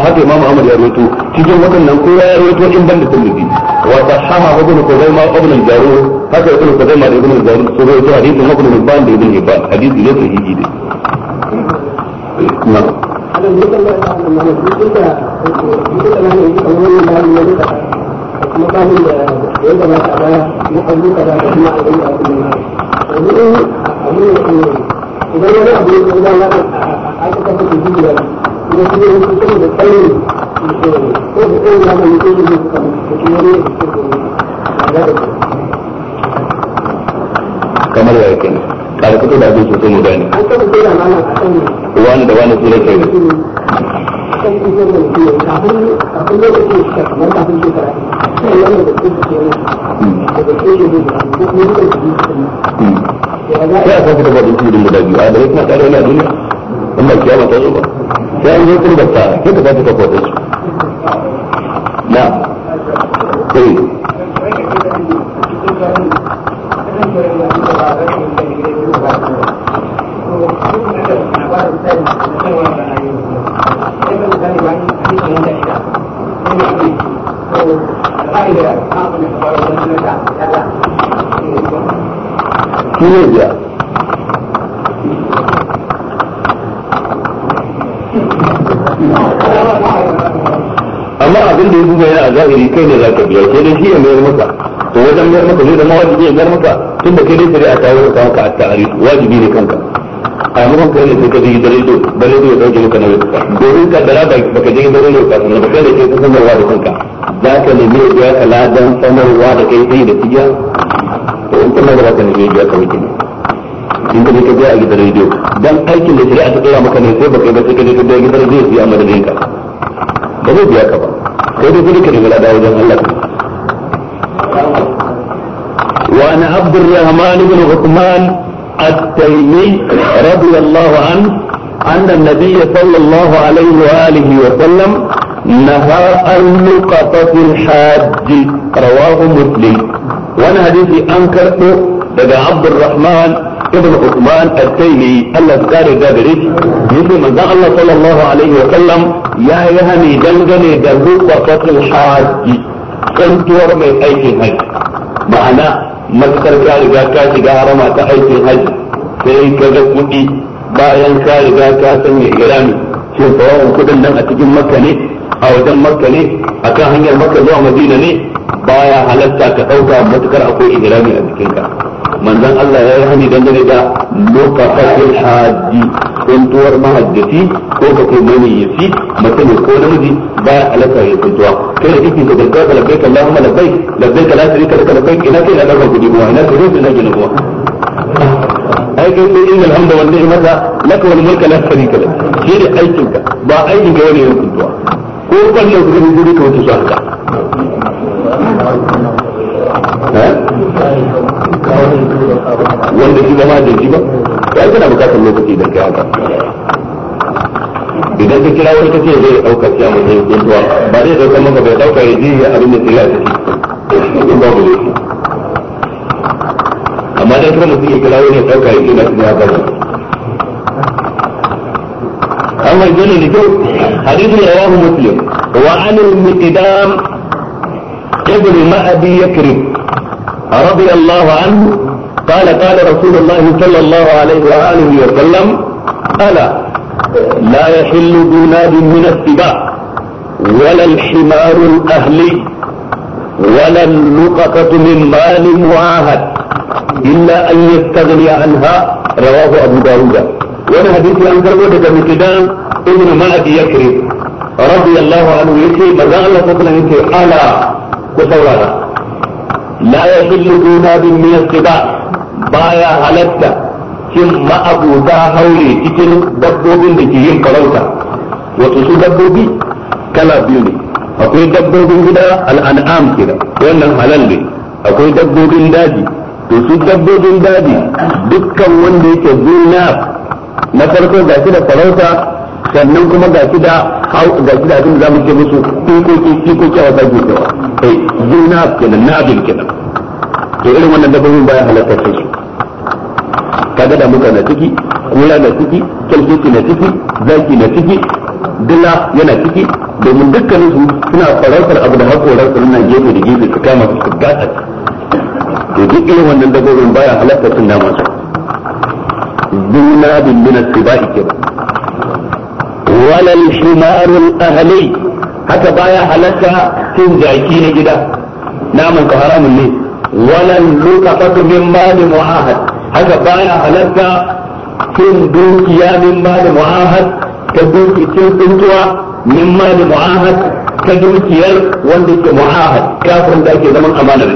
haka imam ahmad ya rawaito cikin waɗannan kowa ya rawaito in banda tirmidhi wa sahaha ibn qudaima ibn al haka ibn qudaima da ibn al sun rawaito ibn hibban da ibn hibban hadisi ne ne kuma da na kuma da idan wani abu ya kuma zama a aka kasa da jijiya kuma su yi da tsaye ko da tsaye ya mai yi ne suka da kuma ne da suke kamar yaya kenan kada ka da abin sosai mu gane wani da wani su ne kai akan kusan da kafin kafin lokacin shi kamar kafin shekara yana da kusa ke ne daga ne da yi da jiki guda biyu a da kuma duniya in ba kiyama ta zo ba sai an zo kafa da su na Thank you. ويرجع amma abin da ya duba yana a zahiri kai ne za ka biya kai dai shi ya mayar maka to wajen mayar maka zai zama wajibi ya mayar maka tunda kai dai shari'a ta wuce maka a ta'ari wajibi ne kanka a yamakon kai ne sai ka jigi dare do dare do ya dauke maka nauyi domin ka dara ba ka jigi dare do ka sanar da kai da kai sanarwa da kanka za ka nemi ya biya ka ladan sanarwa da kai sai da tijiya Allah ba ka nufi biya ka wakili in ka je ka biya a gidan rediyo dan aikin da shari'a ta tsora maka ne sai baka yi ba sai ka je ka biya gidan rediyo su yi a madadin ka ba zai biya ka ba kai dai gudu ka nemi lada wajen Allah وعن عبد الرحمن بن عثمان التيمي رضي الله عنه أن النبي صلى الله عليه وآله وسلم نهى عن لقطة الحاج رواه مسلم wani hadisi an karɓo daga Abdurrahman ibn Uthman at-Taymi Allah ya kare da gare shi yace manzon Allah sallallahu alaihi wa sallam ya yi hani dangane da rubatul haji kantuwar mai aikin haji ma'ana matakar ka riga ka shiga harama ta aikin haji sai ka ga kuɗi bayan ka riga ka sanya irami shin tsawon kuɗin nan a cikin makka ne a wajen makka ne akan hanyar makka zuwa madina ne baya halatta ka ɗauka matukar akwai ihrami a jikinka manzon Allah ya yi hani dangane da lokacin haji kuntuwar mahajjati ko ka ko mani yafi mace ne ko namiji baya halatta ya kuntuwa kai da kike ka gaggaba labbaik Allahumma labbaik labbaik la sharika laka labbaik ina kai na dauka kudi wa ina kai rufi na gina kuma ai kai ne innal hamda wal ni'mata laka wal mulka la sharika lak shi ne aikinka ba aikin ka wani ya kuntuwa ko kwallon kudi kudi ka wuce su haka wanda shi zama da shi ba ya kana bukatar lokaci da kai haka idan ka kira wani kace zai dauka shi a matsayin kuntuwa ba zai dauka maka bai dauka ya ji abin da tsira take in babu ne amma dai kuma mutum ya kira wani ya dauka ya ji na tsira ba an wajen ne da kyau hadisin rawahu muslim wa anil miqdam قبل ما أبي يكرم رضي الله عنه قال قال رسول الله صلى الله عليه وآله وسلم ألا لا يحل بناد من السباع ولا الحمار الأهلي ولا اللقطة من مال معاهد إلا أن يستغني عنها رواه أبو داود وأنا حديث عن كربوة مكدان ابن ابي يكرم رضي الله عنه يكرم مزال الله يكري ألا ku saurara la yadullu min baya halatta kin ma'abuta haure cikin dabbobin da ke yin wato su akwai dabbobin gida al'an'am kira wannan halal ne akwai dabbobin daji to su dabbobin daji dukkan wanda yake zuna na farko gashi da farauta sannan kuma ga shi da ga shi da abin da zamu ce musu kikoki kikoki a wajen gobewa kai eh, zuna kenan na abin kenan to irin wannan dabbobin baya halatta sai su kaga da muka na ciki kula na ciki kyalkeci na ciki zaki na ciki dila yana ciki domin dukkanin su suna farautar abu da hakoran su nan gefe da gefe su kama su gata to duk irin wannan dabbobin baya halatta sun dama su duna bin ba sibai kenan wala al-himar haka baya halatta cin jaki na gida naman ka haramun ne wala al-luqatu min mal mu'ahad haka baya halatta cin dukiya min mal mu'ahad ta duki cin min mal mu'ahad ta dukiyar wanda ke mu'ahad kafin da ake zaman amana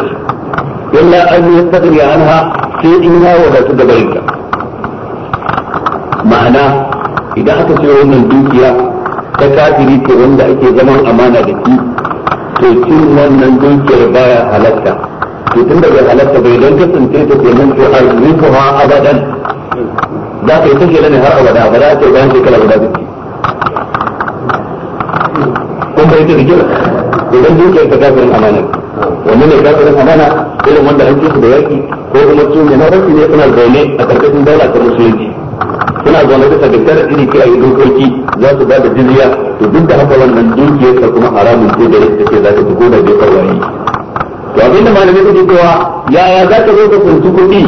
da an sai in ya da barinka ma'ana idan aka ce wannan dukiya ta kafiri ce wanda ake zaman amana da shi to cin wannan dukiyar baya halatta to tun daga halatta bai don kasance ta ke nan to ha abadan za ka yi ta ke ne har abada abada yi bayan shekara guda biki kun bai ta rigila idan dukiyar ta kafirin amana wanda ne kafirin amana irin wanda an ci su da yaki ko kuma cin ne na rasu ne suna zaune a karkashin daula ta musulunci suna zaune da sabbitar iri ke ayi dokoki za su bada jizya to duk da haka wannan dukiyar ta kuma haramun ce da yadda ce za ta tuko da jefar wani to abin da malamai suke cewa yaya za ka zo ka kunci kuɗi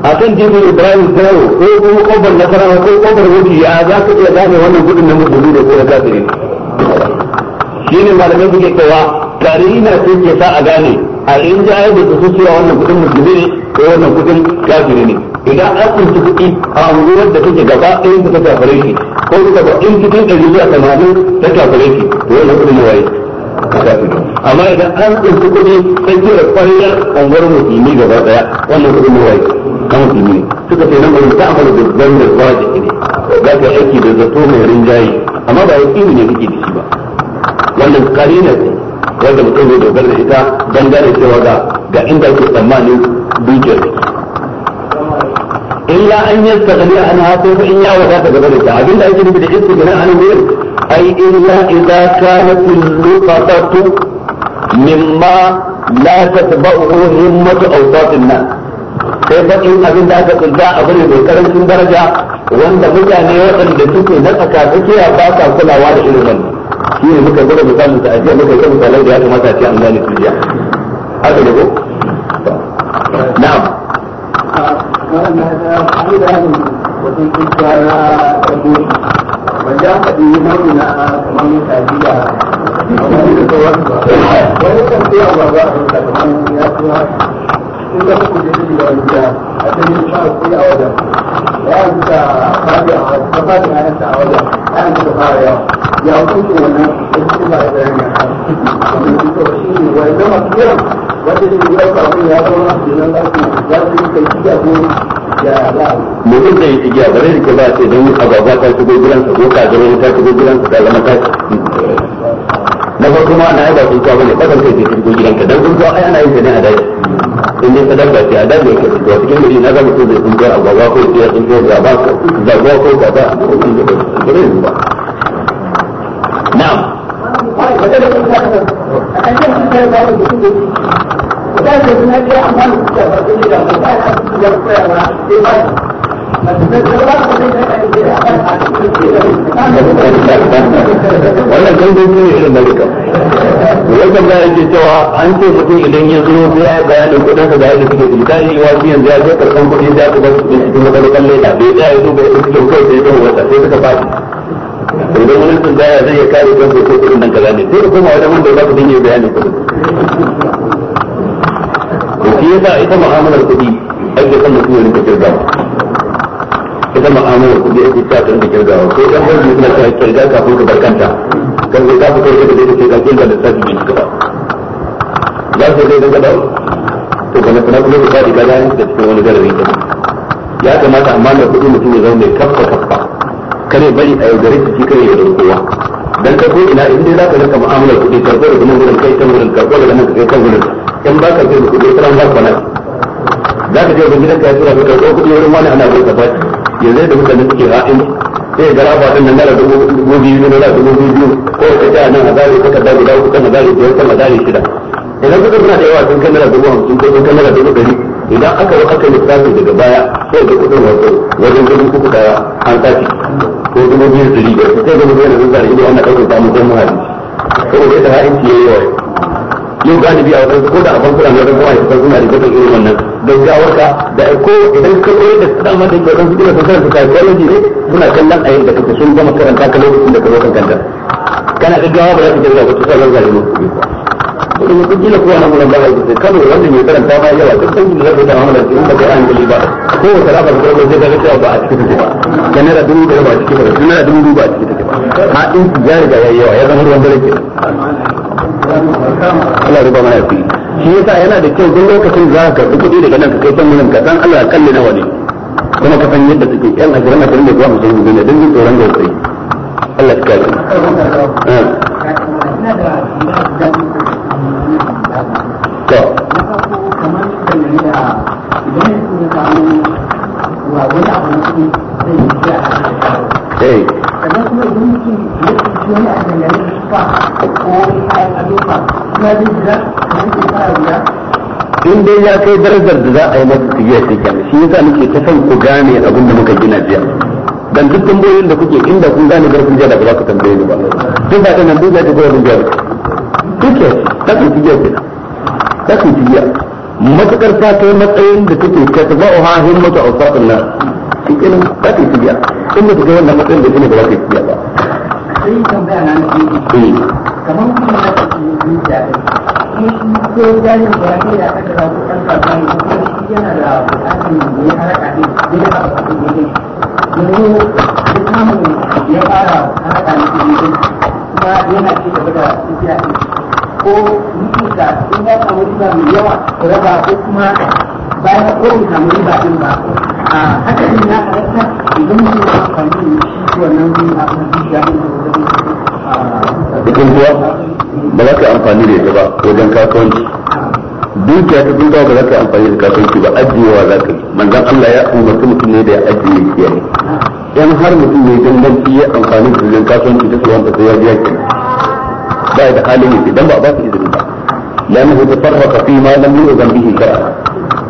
a kan jibin ibrahim zaro ko kuma kofar nasarawa ko kofar wuce ya za ka iya gane wannan kuɗin na musulmi da ko ya kafiri shi ne malamai suke cewa tarihi na ko ke sa a gane a yin jaya da su cewa wannan kudin musulmi ne ko wannan kudin kafiri ne idan an kunci kuɗi a unguwar da take gaba ɗayan ta kafare shi ko duka ba in cikin ɗari zuwa tamanin ta kafare shi to wannan kudin waye amma idan an kunci kuɗi sai kira kwallon unguwar musulmi gaba ɗaya wannan kudin waye kan musulmi ne suka ce nan ba ta amfani da zangar wajibi ne za ka aiki da zato mai rinjaye amma ba ya ne kake da shi ba wannan kare ne wanda mutum zai dogara da ita don gane cewa ga ga inda ke tsammanin dukiyar illa an yi tsakali an hafi ko in ya ta gaba da ta abinda ake nufi da iska gina an wurin ai illa idza kanat al lufatu mimma la tatba'u himmatu awsatin nas sai ba in abin da aka kunta abu ne mai karancin daraja wanda mutane waɗanda suke na tsaka suke ba sa kulawa da irin wannan shi ne muka gwada misalin da ajiya muka gwada misalai da ya kamata a ce an gane su jiya haka ne ko na'am wajen kirkara da ya a ya kuke wannan istifa da yana wannan to shi ne wannan mafiyan wanda ne ya ka ya zama dinan da su ya su kai kiya ko ya la mu ne da yake ya bare ke ba sai dan ababa ta shigo gidan ko ka zama ta shigo gidan sa zama ta na farko ma na yaba sun kawo ne bakan kai ke shigo gidan ka dan sun ai ana yin ne a dai in dai sadaka ce a dai ke shigo cikin gari na ga mutum zai sun kawo ababa ko ya sun kawo gaba gaba ko gaba ko sun kawo bare ba na'am wannan kan gudu ne irin malika wajen da yake cewa an ce mutum idan ya zo ya bayanin kudin sa da yadda suke tilka yi wa ya zo kudi da aka ba su cikin matsalukan leda bai da ya zo bai kai ya zo wata sai suka idan wani sun gaya zai ya kare kansa ko kudin nan kaza ne sai da koma wajen wanda za ku dinga bayani kudin shi yasa ita mu'amalar kudi ake san mutum ya rinka kirgawa ita mu'amalar kudi ake sa ka rinka kirgawa ko dan banki suna ta kirga kafin ka barkanta kan sai ka fito da kudi sai ka kirga da sabi ne ba za su dai daga to kana kana kuma ka riga da cikin wani garari ya kamata amma da kudi mutum ya zama mai kafa kare bari a yaudare ki kare da kowa dan ka ko ina inda za ka rinka mu'amalar kuɗi karɓo da nan gurin kai kan gurin karɓo da nan kai kan gurin in ba ka kai da kuɗi tsaron ba kwana za ka je wajen gidan ka ya tura ka karɓo kuɗi wurin wani ana gurin ka ya yanzu da mutane suke ha'in sai ga raba din nan da dubu biyu ne da dubu biyu ko ka ta nan da ko ka da guda ko ka azali biyar ko shida idan kuka kuna da yawa sun kai da dubu ko sun kai dubu ɗari idan aka yi aka lissafi daga baya sai da kudin wato wajen gudun uku da an tafi ko dubu biyu da riga sai ga mutum da zan zara ido ana ɗaukar samun don muhalli da ita ha'in ciye yawa yau galibi a wajen ko da a bankuna wajen kuma sun suna da kudin irin wannan gaggawar ka da ko idan ka koyar da dama da gaggawar da suna karanta psychology ne muna kallon a yadda kake sun gama karanta ka lokacin da ka zo kan kanta kana gaggawa ba za ka jirga ba ta sa zan zara ido kuma mutum kila ko ana mulan bala sai kano wanda mai karanta ma yawa duk kan da zai da amala ki in baka hankali ba ko wata rafa da kuma zai ga cewa ba a cikin take ba ka naira dubu da ba a cikin ba naira dubu ba a cikin take ba ha in ya riga yayi yawa ya zama ruwan dare ke Allah riba mana fi shi yasa yana da kyau duk lokacin za ka karbi kuɗi daga nan ka kai san mulin ka san Allah kalli nawa ne kuma ka san yadda take yan ajiran na farin da zuwa musulmi ne dan jin tsoron gautsayi Allah ya kare da idan mutum ya samu wa wani abu na kuɗi zai yi a cikin eh. kuma idan mutum ya wani a ko kayan zai kamar ke fara in dai ya kai darajar da za a yi masa tafiya sai kyan shi yasa nake ta son ku gane abin da muka gina jiya dan duk tambayoyin da kuke inda kun gane garkun jiya da ba za ku tambaye ni ba duk ba nan duk da ku jiya ta ku jiya kenan ta ku jiya matukar ta kai matsayin da kake ka ta ba'u ha himmatu awsaqin nas shi kenan ba ta yi in ba ta kai wannan matsayin da kake ba ta yi ba na eh. kamar da kake yi da shi ko da da aka kan kasuwa ne ko shi yana ne ne ya ba ta da ya fara haraka ne kuma yana ci gaba da tafiya ko riba in ya samu riba mai yawa raba ko kuma bayan ko bai samu riba din ba a haka ne na halatta idan mutum ya amfani da shi wannan abin da ya yi cikin ba za ka amfani da ita ba wajen kasuwanci dukiya ta duka ba za ka amfani da kasuwanci ba ajiyewa za ka yi manzan Allah ya umarci mutum ne da ya ajiye kiyaye in har mutum ne danganci ya amfani da wajen kasuwanci ta tsoron ta sai ya biya kenan ba da halin yi idan ba ba su izini ba لأنه تصرف فيما لم يؤذن به شرعا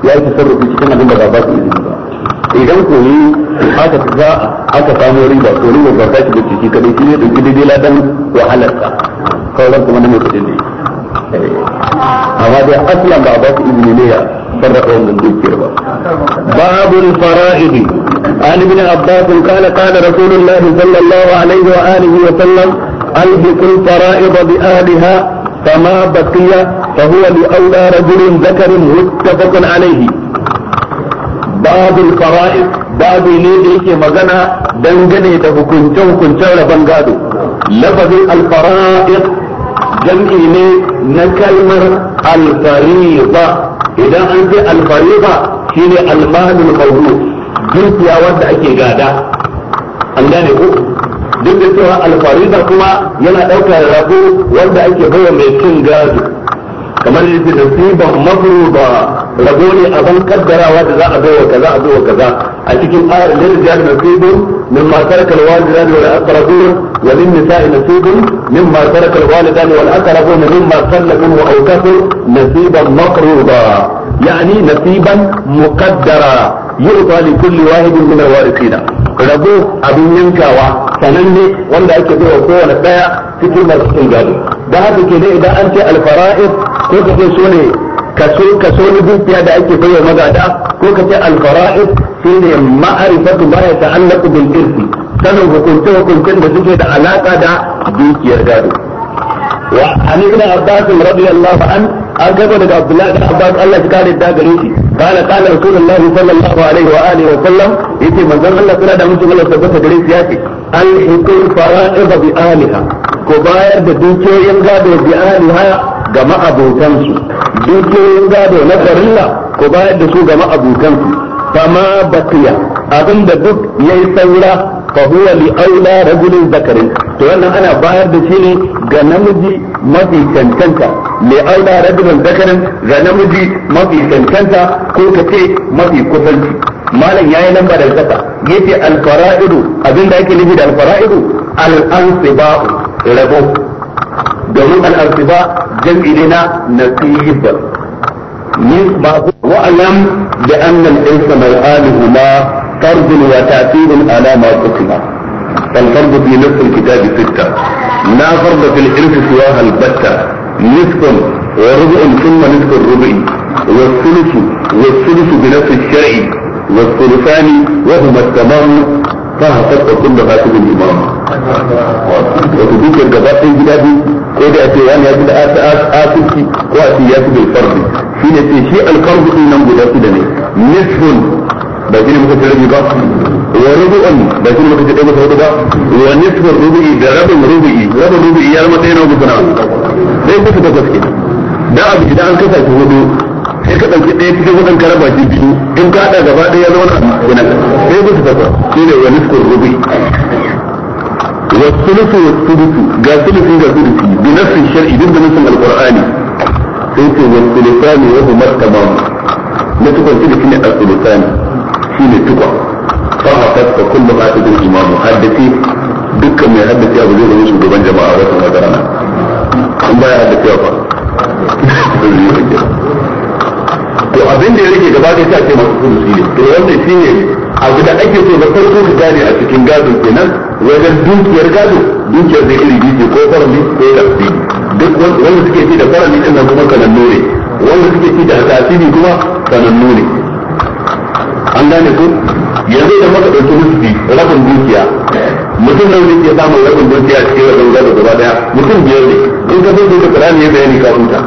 ya yi tasarrufi cikin abin da ba ba izini ba idan ko ni aka za aka samu riba riba ba ta shiga ciki kadai shi ne dauki daidai ladan wahalar ka kuma na mai ne eh, amma dai aslan ba izini ne ya ba babu fara'idi عباس قال قال رسول الله صلى الله عليه وآله وسلم ألبس الفرائض بأهلها فما بقي فهو لأولى رجل ذكر متفق عليه باب الفرائض باب نيديك مغنى دنجني تفكن تفكن تولى بنغادو لفظ الفرائض جمعي نكلم الفريضة إذا أنت الفريضة هي المال الموجود جنت يا ود أكي غادا أنداني duk da cewa alfarida kuma yana da rabu wanda ake baiwa mai cin gado kamar yadda da nasiban mafruda rabo ne abin kaddarawa da za a baiwa kaza a baiwa kaza a cikin ayar da ya da sibu min ma tarakal walidan wal aqrabun wa lin nisa'i nasibun min ma tarakal walidan wal aqrabun min ma sallakun wa awkafun nasiban mafruda yani nasiban muqaddara yu'ta li kulli wahidin min alwarithina rabo abin yankawa sananne wanda ake bai wa kowane daya cikin masu cin gado da haka ke ne idan an ce alfara'id ko ka ce kaso kaso na dukiya da ake bai wa magada ko ka ce alfara'id shi ne ma'arifatu ba ya ta'allaqu bil irsi sanin hukunce hukuncin da suke da alaka da dukiyar gado wa an ibn abbas radiyallahu anhu an gaba daga Abdullahi da Abbas Allah ya kare da gare shi kana kana رسول sallallahu alaihi wa alihi wa sallam yace من allah الله da mutum Allah tabbata gare shi yace an hikul fara'id bi aliha ko bayar da dukiyoyin gado bi aliha ga ma'abutan su dukiyoyin gado na farilla ko bayar da su ga ma'abutan su fama baqiya abinda duk yayi saura fa ana bayar da shi ga namiji mafi cancanta li aula rajulin namiji mafi cancanta ko kace mafi kusanci malam yayi lamba da kasa yace da al fara'idu al ansiba'u alam فرض وتأثير على ما حكم فالفرض في نصف الكتاب ستة لا فرض في الحرف سواها البتة نصف وربع ثم نصف الربع والثلث والثلث بنفس الشرع والثلثان وهما التمام فهتبقى كل هاتف الإمام وتدوك الجباء الجلابي ko da يجب wani ya fi da asibiti ko a ce ya fi bil fardi ba shi ne muka ce rabi ba wa rubu'un ba shi ne muka ce ɗaya bisa hudu ba wa nisfin rubu'i da rabin rubu'i rabin rubu'i ya zama ɗaya na bisa na ɗaya bisa takwas ke da abu idan an kasa shi hudu sai ka ɗauki ɗaya cikin hudun ka raba shi biyu in ka haɗa gaba ɗaya na wani abu na ɗaya bisa takwas shi ne wa nisfin rubu'i wa sulusu wa sulusu ga sulusu ga sulusu bi nafsin shar'i duk da nafsin alqur'ani sai ce wa sulusani wa huma tamam na tukun sulusu ne al-sulusani shine tukwa fa hatat ka kullu qasidin imam muhaddisi dukkan mai haddace abu zai zama shugaban jama'a wata wata rana an baya haddace ba to abin da ya rage gaba da ta ce masu kudu ne to wannan ne abu da ake so na farko ka gane a cikin gado kenan wajen dukiyar gado dukiyar da iri biyu ko farami ko tafi duk wanda suke ci da farami din nan kuma kanan nore wanda suke ci da hasasini kuma kanan nore an gane ku yanzu da muka ɗauki musu rabin dukiya mutum da wani ke samun rabin dukiya cikin rabin gado gaba daya mutum biyar ne in ka zai duka karani ya bayani ka huta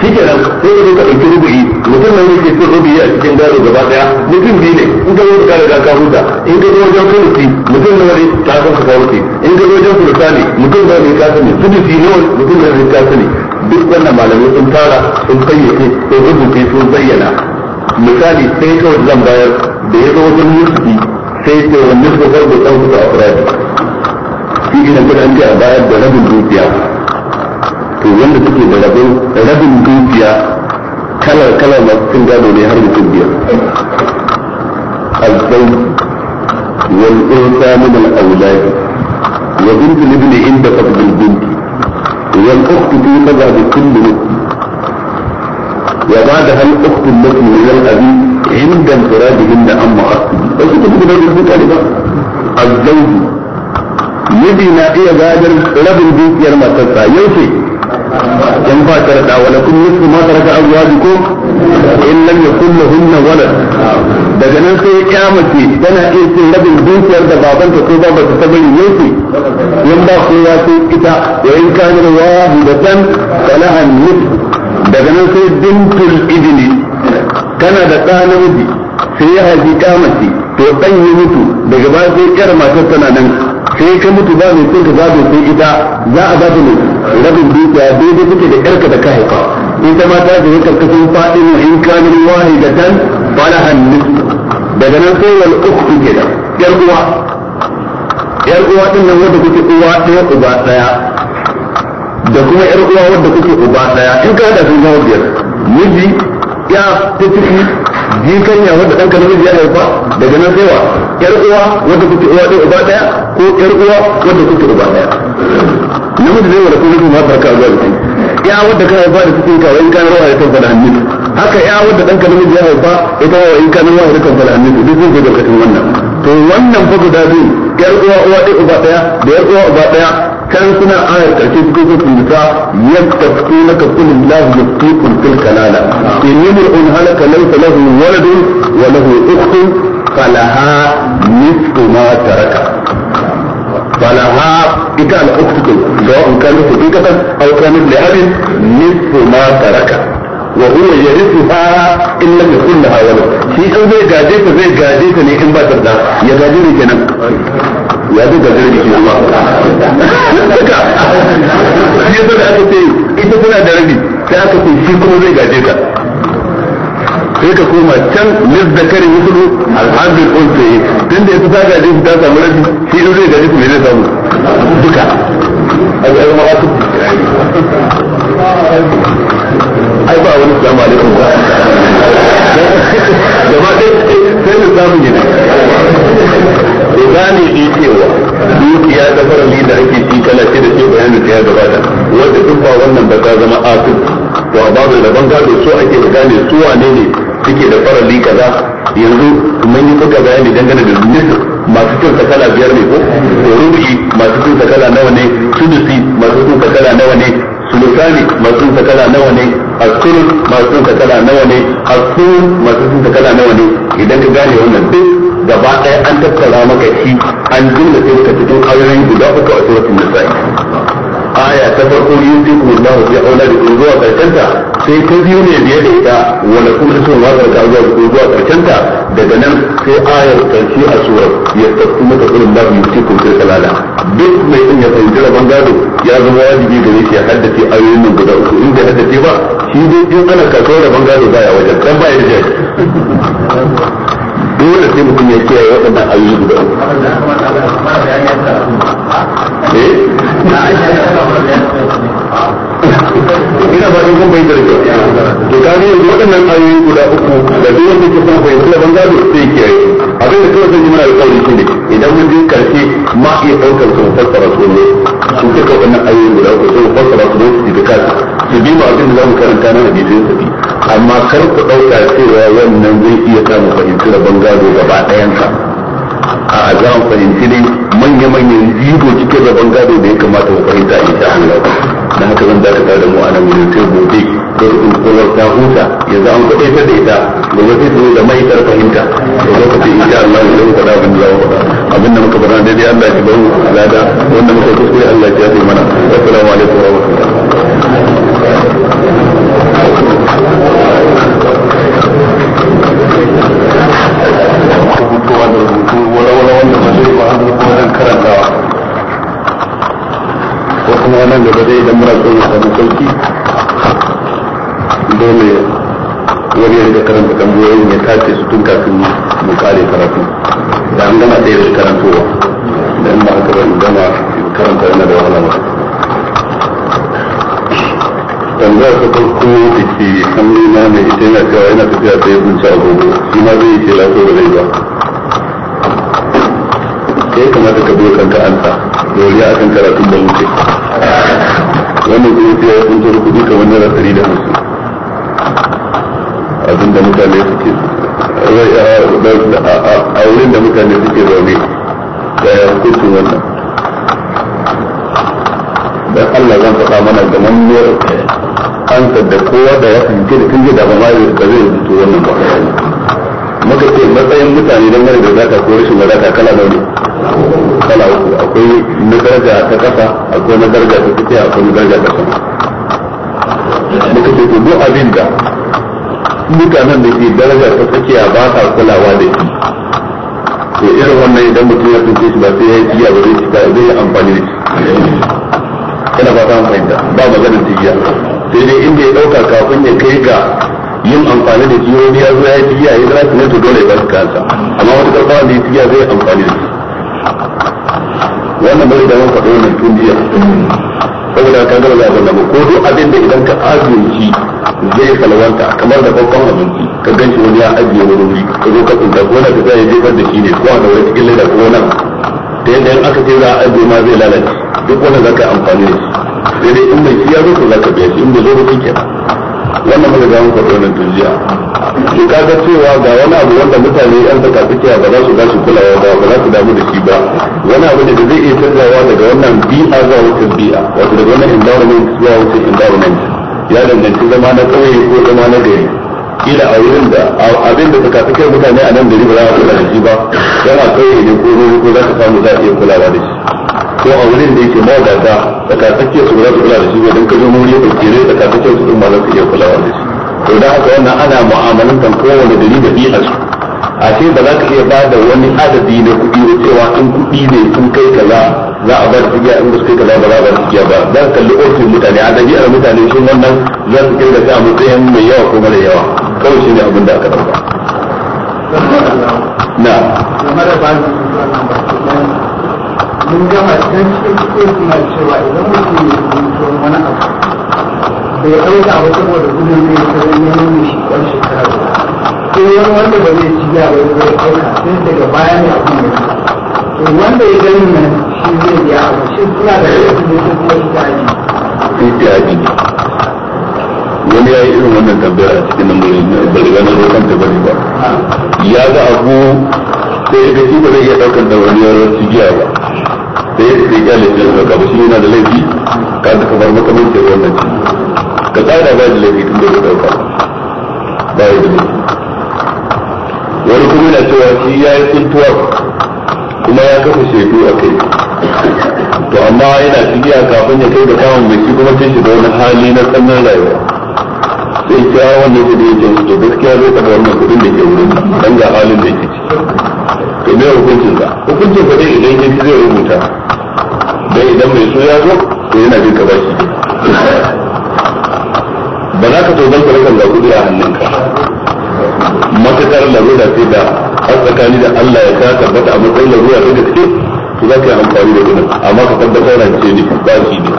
shi ke nan sai ka duka ɗauki rubu'i mutum da wani ke cin rubu'i a cikin gado gaba daya mutum biyu ne in ka zai kare da ka huta in ka zai wajen kulusi mutum da wani ta san ka kawuce in ka zai wajen kulusani mutum da wani ka sani su dusi nawa mutum da wani ka sani duk wannan malamai sun fara sun fayyace sun rubuce sun bayyana misali sai kawai zan bayar da ya zo wajen nufi sai ce wa nufi da ɗan hutu a firaji shi ne kuma an ce a bayar da rabin dukiya to wanda suke da rabin rabin dukiya kalar kalar masu cin gado ne har mutum biyar الزوج والأنثى من الأولاد وبنت الابن inda فقد البنت والأخت في مذهب كل مسلم وبعدها الاخت التي من الابي عند انفرادهن اما اخت بس كنت بدون الاخت تاني بقى ما ايه بعد الرب البيت يرمى تلسى يوفي ما ترك اولادكم ان لم يكن لهن ولد daga nan sai kyamace tana iya cin rabin dukiyar da baban ta ko baba ta ta bari yanki in ba kowa sai daga nan sai bintul ibni tana da ɗa namiji sai ya haifi kamace to ɗan yi mutu daga ba sai ƴar matar tana nan sai ka mutu ba mai tsinka gado sai ita za a ba ne rabin dukiya daidai kuke da ƴarka da ka haifa ita ma ta shiga karkashin fa'in in kanin wahidatan falahan nisfu daga nan sai wal ke da ƴar uwa ƴar uwa din nan wanda kuke uwa ɗaya uba ɗaya da kuma yar uwa wadda kuke uba daya in ka da sun zama biyar miji ya ta ciki jikan ya wadda ɗan kalmi ya haifa daga nan sai wa yar uwa wadda kuke uwa ɗaya uba daya ko yar uwa wadda kuke uba daya namiji zai wala kuma ma farka zuwa da ya wadda ka haifa da cikin ka in kan rawa ya tabbata da hannu haka ya wadda ɗan kalmi ya haifa ita wa in kan rawa ya tabbata da hannu duk zai ga lokacin wannan to wannan fa guda biyu yar uwa uwa ɗaya uba daya da yar uwa uba daya كنسنا آية تأتيت كيف تنسى يكتفتونك قل الله يبقيكم في الكلالة إن امرؤ هلك ليس له ولد وله أخت فلها نصف ما ترك فلها إذا الأخت سواء كانت صديقة أو كانت لأب نصف ما ترك وهو يرثها إن لم يكن لها ولد في أن زي جاجيت زي جاجيت إن باتر ده يا جاجيت كنا ya zo ga jirgi duka shi yasa da aka ce ita tana da rabi sai aka ce shi kuma zai gaje ka sai ka koma can lis da kare alhamdul unsa yi tun da ita ta gaje ta samu rabi shi in zai gaje su ne zai samu duka ai ba wani salamu alaikum ba gaba ɗaya sai mu samu ku gane ni cewa dukiya ta farali da ake ci kana ce da ce bayanin ta ya gabata wanda duk ba wannan ba ta zama asu to a babu da gado su ake da gane su wane ne suke da farali kaza yanzu mun yi kuka bayani dangane da nisir masu cin kala biyar ne ko to rubi masu cin kala nawa ne sudusi masu cin kala nawa ne sulusani masu cin kala nawa ne askurus masu cin kala nawa ne askurus masu cin kala nawa ne idan ka gane wannan duk gaba ɗaya an tattara maka shi an jumla ɗin ka cikin ayoyi guda uku a suratul nisa'i aya ta farko yusikum Allahu fi auladikum zuwa karshenta sai ta biyu ne biye da ita wa lakum ismun ma ka zuwa zuwa karshenta daga nan sai ayar karshe a surar ya tafi maka kullum da yusikum sai kalala duk mai din ya fahimci rabon gado ya zama wajibi gare shi ya haddace ayoyin nan guda uku in bai haddace ba shi dai in ana kasuwar rabon gado ya wajen kan baya da dole sai mutum ya kiyaye waɗanda a yi guda eh? ina ba kun bai darje to kaga yanzu waɗannan ayoyi guda uku da duk wanda ke kuma bai da ban gado sai kiyaye abin da kawai zan yi mana alƙawari shi ne idan mun je karshe ma iya ɗaukar su fassara su ne su duka wannan ayoyi guda uku sai mu fassara su ne su ji su bi ma abin da za karanta na hadisin su bi amma kar ku ɗauka cewa wannan zai iya samu fahimci da bangado gaba ka a za mu fahimci ne manya-manyan jigo cikin rabon gado da ya kamata mu fahimta a ita hanyar da haka zan dakata da mu a nan wurin sai gobe garin kowar ta huta yanzu an kuɗe ta da ita gobe sai su da mai tar fahimta da lokaci sha Allah ya zama abin da za mu faɗa abin da muka faɗa daidai Allah ya bau lada wanda muka kuskure Allah ya ce mana assalamu alaikum wa rahmatullahi ya rika karanta tambayoyin ya tace su tun kafin mu kare karatu da an gama ɗaya da karantowa da in ba haka ba in gama karanta yana da wahala ba tambayar ta farko da ke hannu na mai ita yana cewa yana tafiya ta yi bunci agogo shi ma zai ke ce lafiya ba zai ba ya kamata ka biyo kanka ansa a kan karatun da muke wannan zai ce ya kuntar kuɗi kamar naira ɗari da hamsin abinda mutane suke a wurin da mutane suke zaune da ya hukuncin wannan dan Allah zan faɗa mana da manniyar an da kowa da ya fahimci da kan da ba ma ba zai rubuto wannan ba muka ce matsayin mutane don mara da zaka ko rashin wadata kala da ne kala uku akwai na daraja ta kasa akwai na daraja ta tsakiya akwai na daraja ta sama muka ce to duk abin da mutanen da ke daraja ta tsakiya ba sa kulawa da shi to irin wannan idan mutum ya tunce shi ba sai ya yi jiya ba zai cika zai yi amfani da shi kana ba ta da ba maganar jiya sai dai inda ya dauka kafin ya kai ga yin amfani da jiya ya zo ya yi jiya ya zara ne to dole ya ba su kansa amma wani karfa da ya jiya zai amfani da shi wannan bai da wani faɗo mai tun jiya saboda ka gaba da ko duk abin da idan ka azuci zai kalwanta kamar da kwakwan abinci ka gan shi wani ya ajiye wani wuri ka zo ka tsinta ko na tafiya ya jefar da shi ne ko a daure cikin leda ko nan ta yadda in aka ce za a ajiye ma zai lalace duk wani za ka yi amfani da shi sai dai in mai shi ya zo ka za ka biya shi in bai zo ba kike kenan wannan muka ga muka wannan tunjiya shi kaga cewa ga wani abu wanda mutane yan saka suke ba za su ba su kulawa ba ba za su damu da shi ba wani abu ne da zai iya canzawa daga wannan bi'a zuwa wata bi'a wato daga wannan environment zuwa wata environment ya danganci zama na kauye ko zama na gari kila a wurin da abin da suka fitar mutane a nan gari ba za a kula da shi ba yana kauye ne ko ruwa ko za ka samu za a iya kulawa da shi ko a wurin da yake mawadata tsaka tsakiyar su ba za su kula da shi ba don ka zo muri ya kere da ka tsakiyar su ɗin ba za su iya kulawa da shi to da haka wannan ana mu'amalantar kowane gari da biyar. su a ce ba za ka iya ba da wani adadi na kuɗi da cewa in kuɗi ne sun kai kaza za a ba da fiya in ba su kai kaza ba za a ba da ba za ka kalli ofin mutane a ɗabi'ar mutane sun wannan za su kai da ta matsayin mai yawa ko mara yawa kawai shi ne abin da aka ɗauka. na mun gama don cikin cikin suna cewa idan mutum ya wani abu da ya ɗauka abu saboda gudun zai tsarin yanayin shi ɗan shekara guda wani wanda ba zai ci yara ya zai ɗauka sai daga baya ne abu ne to wanda ya gani nan shi zai biya abu shi suna da yadda ne sun kuma shiga aji. Sai ta aji wani ya yi irin wannan tambayar a cikin nan bai riga na rokan ta ba ya ga abu sai da shi ba zai iya ɗaukar da wani yaron su giya ba sai da ya kyale da ba shi da laifi ka ta kamar ka kara ba da laifi tun da ya dauka ba ya da wani kuma yana cewa shi ya yi tuntuwa kuma ya kafa shaidu a kai to amma yana a kafin ya kai da kamun mai shi kuma shi da wani hali na tsannan rayuwa sai kira wannan kudi ya ce to gaskiya zai kada wannan kuɗin da ke wurin dan ga halin da yake ciki to me hukuncin sa hukuncin ka dai idan ya zai rubuta dai idan mai so ya zo to yana bin ka bashi ba za ka tozon ka rikon garuri a hannunka matakar larura sai da a tsakani da Allah ya ta tabbata a matsayin larura ta gaske su za ka yi amfani da gudun amma ka tabbata da ce ne ba shi ne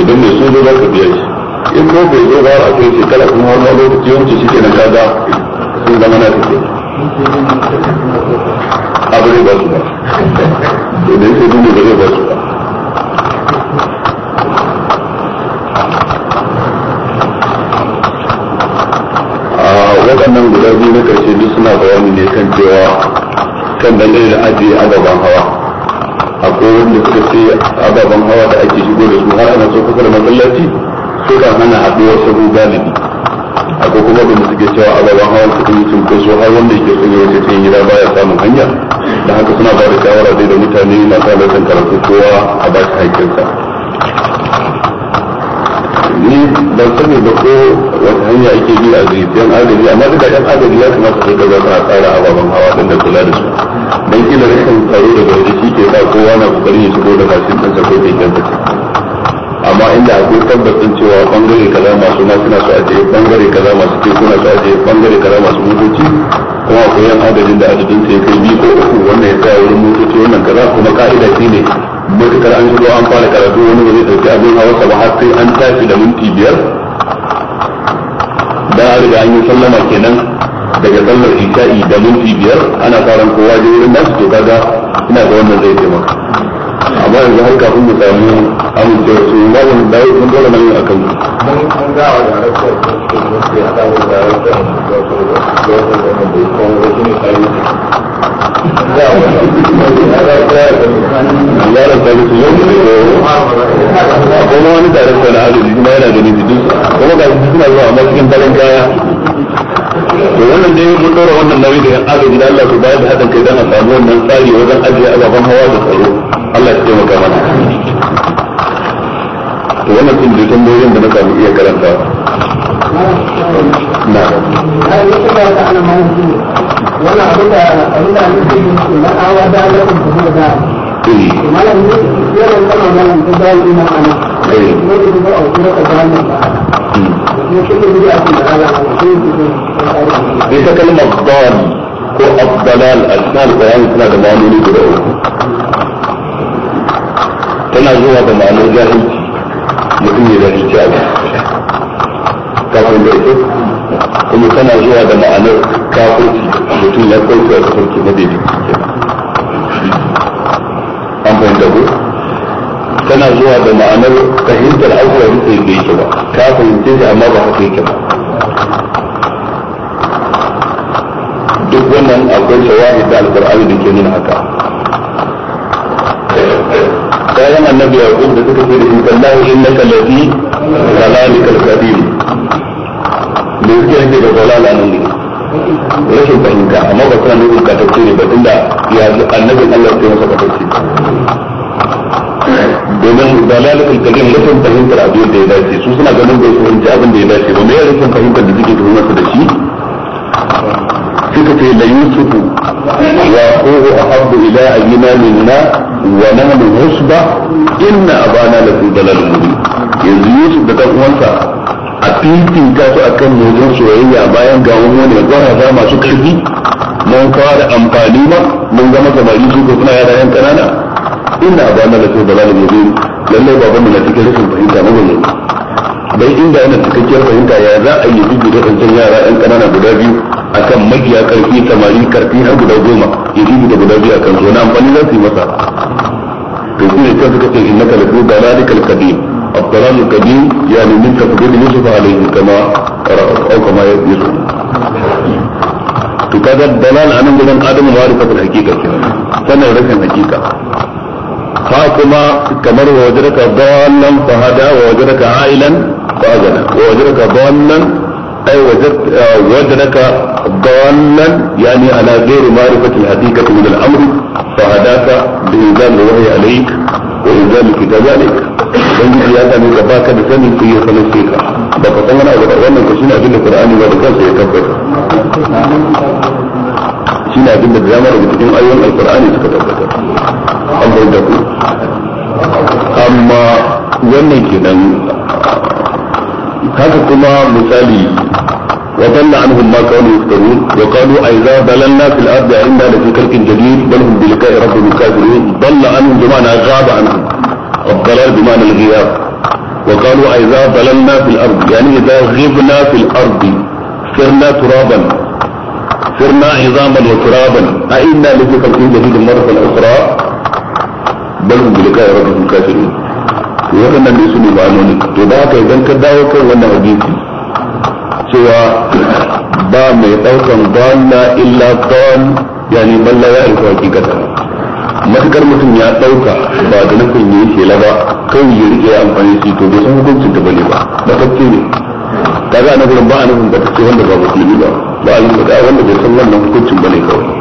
idan mai so za ka biya shi in ko bai zo ba a kai shekara kuma wani lokaci yawanci shi ke na kaga sun zama na take abu ne ba su ba idan sai dun da ba su ba waɗannan guda biyu na karshe duk suna bayani ne kan cewa kan dangane da ajiye ababen hawa akwai wanda suka ce ababen hawa da ake shigo da su har ana so kusa da masallaci suka hana haɗuwar sabu galibi akwai kuma wanda suke cewa ababen hawa suka yi cunkoso har wanda ke so ya wuce cikin gida baya samun hanya da haka suna ba da shawara dai da mutane na sa da kan karatu kowa a ba shi haƙƙinsa ni ban sani ba ko wata hanya ake bi a zuciyan agaji amma duka yan agaji ya kamata su gaza a tsara ababen hawa din da kula da su dan kila rashin tsaro da barci shi ke sa kowa na kokarin ya shigo da mashin din sa ko keken sa amma inda akwai tabbacin cewa bangare kaza masu masuna su ajiye bangare kaza masu tekuna su ajiye bangare kaza masu motoci kuma akwai yan adadin da adadin sai kai bi ko uku wannan ya tsaya wurin motoci wannan kaza kuma ka'ida shi ne matukar an shigo an fara karatu wani ba zai dauki abin hawarsa ba har sai an tashi da minti biyar da an riga an yi sallama kenan daga sallar isha'i da minti biyar ana fara kowa da wurin nasu to kaga ina ga wannan zai taimaka amma yanzu har kafin mu samu amince su ba mu da yau sun dole ko a su ya a kuma wani tare da na hajji kuma yana gani jiki kuma ga jiki suna zuwa amma cikin farin kaya to wannan ne mun dora wannan nauyi da yan agaji da Allah su bayar da haɗin kai don a samu wannan tsari wajen ajiye ababen hawa da tsaro Allah ya taimaka mana wannan sun je tambayoyin da na kamu iya karanta na wannan abin da abin da nake yi na awa da na kuma da malam ne yana kama malam da da yi na ana ne da ba a kuma ka gane ba ne shi ne da ake da ala ne ne ita kalmar dal ko abdalal a cikin alƙur'ani suna da ma'anoni guda uku tana zuwa da ma'anar jahilci mutum ne zai ci abu kafin da ke kuma tana zuwa da ma'anar kafirci mutum ya kauce a kafirci na daidai an fahimta ko tana zuwa da ma'anar fahimtar abubuwa da yake ba ka fahimce shi amma ba haka yake ba duk wannan akwai shawari da alkur'ani da ke nuna haka yayin annabi yaqub da suka ce da shi kallahu innaka lafi dalalikal qadim da yake yake da dalala nan ne rashin fahimta amma ba kana nufin ka tafsiri ba tunda ya annabin Allah ya masa tafsiri domin dalalikal qadim rashin fahimtar abin da ya dace su suna ganin bai fahimci abin da ya dace ba me rashin fahimtar da suke tuhumar da shi suka ce da yusufu wa aquhu ahabbu ila abina minna wa nahnu husba inna abana da su dalalin mubin yanzu yusuf da dan uwansa a fifita su akan wajen soyayya bayan ga wani ne gwaraza masu karfi mun kawo da amfani ba mun gama samari su ko suna yara yan kanana inna abana da su dalalin mubin lallai baban mu na cikin rashin fahimta na gwamnati dan inda yana cikakkiyar fahimta ya za a yi zubi da kancan yara yan kanana guda biyu a kan magiya karfi samari karfi har guda goma ya zubi da guda biyu a kan zuwa amfani za su yi masa to shi ne kan suka ce abdullahi lafi dalalikal qadim الضلال القديم يعني من تفضيل يوسف عليه كما ya كما يوسف to kaga dalal anan gudan adamu ma'rifatul hakika kenan sanin rashin hakika. حاكما كمر ووجدك ضالا فهدا ووجدك عائلا فأغنى ووجدك ضالا أي وجدت آه، وجدك ضالا يعني على غير معرفة الحقيقة من الأمر فهداك بإنزال الوحي عليك وإنزال الكتاب عليك ubangiji ya sami ka baka da sani ku yi sanin sai ka ba ka san wannan ka shine abin da qur'ani ba da kansa ya tabbata shi ne abin da أيضا القرآن cikin ayoyin alkur'ani suka tabbatar an bai هذا كما مثالي وضل عنهم ما كانوا يفترون وقالوا أيضا بللنا في الأرض أئنا لفي خلق جديد بل هم بلقاء ربهم كافرون ضل عنهم بمعنى غاب عنهم الضلال بمعنى الغياب وقالوا أيضا بللنا في الأرض يعني إذا غبنا في الأرض صرنا ترابا صرنا عظاما وترابا أئنا لفي خلق جديد مرة أخرى بل هم بلقاء ربهم كافرون waɗannan ne su ne ma'anoni to da haka idan ka dawo kan wannan hadisi cewa ba mai ɗaukan dalla illa dal yani balla ya alfa hakikata matukar mutum ya ɗauka ba da nufin yi shela ba kan yi amfani shi to bai san hukuncin ta bane ba ba tafke ne kaga na gurin ba a nufin baka ce wanda ba musulmi ba ba a nufin da wanda bai san wannan hukuncin bane kawai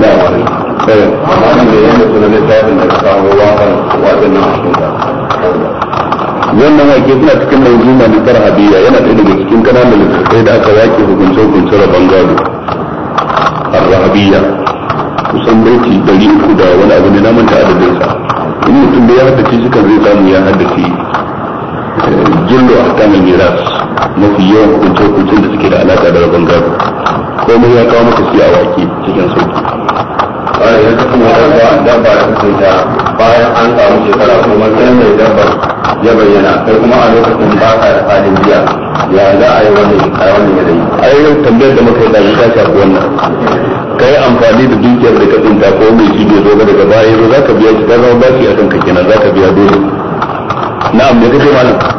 na wani kai eh, amma ne yana ne littafin da kawo wakan wajen nan wannan wake suna cikin ne na tarhabiyya yana ɗaya daga cikin kananan littattafai da aka wake hukunce hukunce rabon gado arhabiyya kusan baiti dari uku da wani abu ne na manta adadinsa in mutum bai ya haddace shi kan zai samu ya haddace jullu ahkamin miras mafi yawan hukunce hukuncin da suke da alaka da rabon gado komai ya kawo maka shi a waki cikin sauki a yanzu kuma dabba dabba da suke da bayan an samu shekara kuma sai mai dabba ya bayyana kai kuma a lokacin ba ka da halin biya ya za a yi wani a wani yanayi ai tambayar da muka yi da ta shafi wannan yi amfani da dukiyar da ka tsinta ko mai shi bai zo daga baya zo za ka biya shi ta zama bashi a kan ka za ka biya dole na'am me kake malam a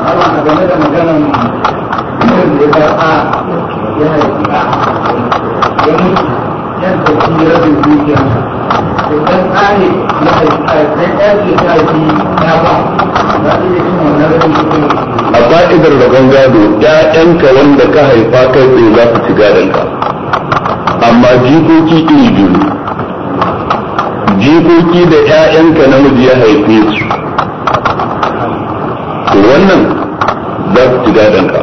fa'idar rabon gado ‘ya'yanka wanda ka haifa kai tsaye za su ci gadonka amma jikoki iri biyu jikoki da ‘ya'yanka namiji ya haife su wannan za su ci gadon ka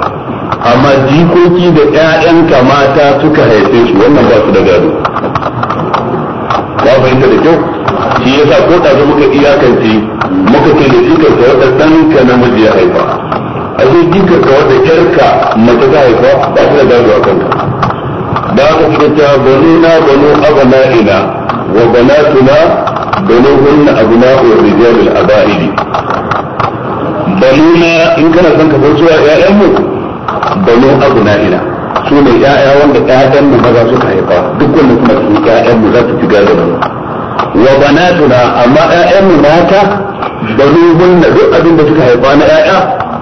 amma jikoki da 'ya'yanka mata suka haife su wannan ba su da gado ba fahimta da kyau shi yasa ko da zo muka iyakance muka ce da jikar ka wata ɗanka namiji ya haifa a sai jikar ka wata ƴarka mace ta haifa ba su da gado a kanka da aka suka cewa gano na gano abana ina وبناتنا بنوهن أبناء الرجال الأبائد بنونا إن كان سنك فرسوا يا أمو بنو أبنائنا su ne ‘ya'ya wanda ‘ya'yanmu maza suka haifa duk wanda kuma su ‘ya'yanmu za su ci gado da wa banatuna amma ‘ya'yanmu mata banuhun na duk abin da suka haifa na ‘ya'ya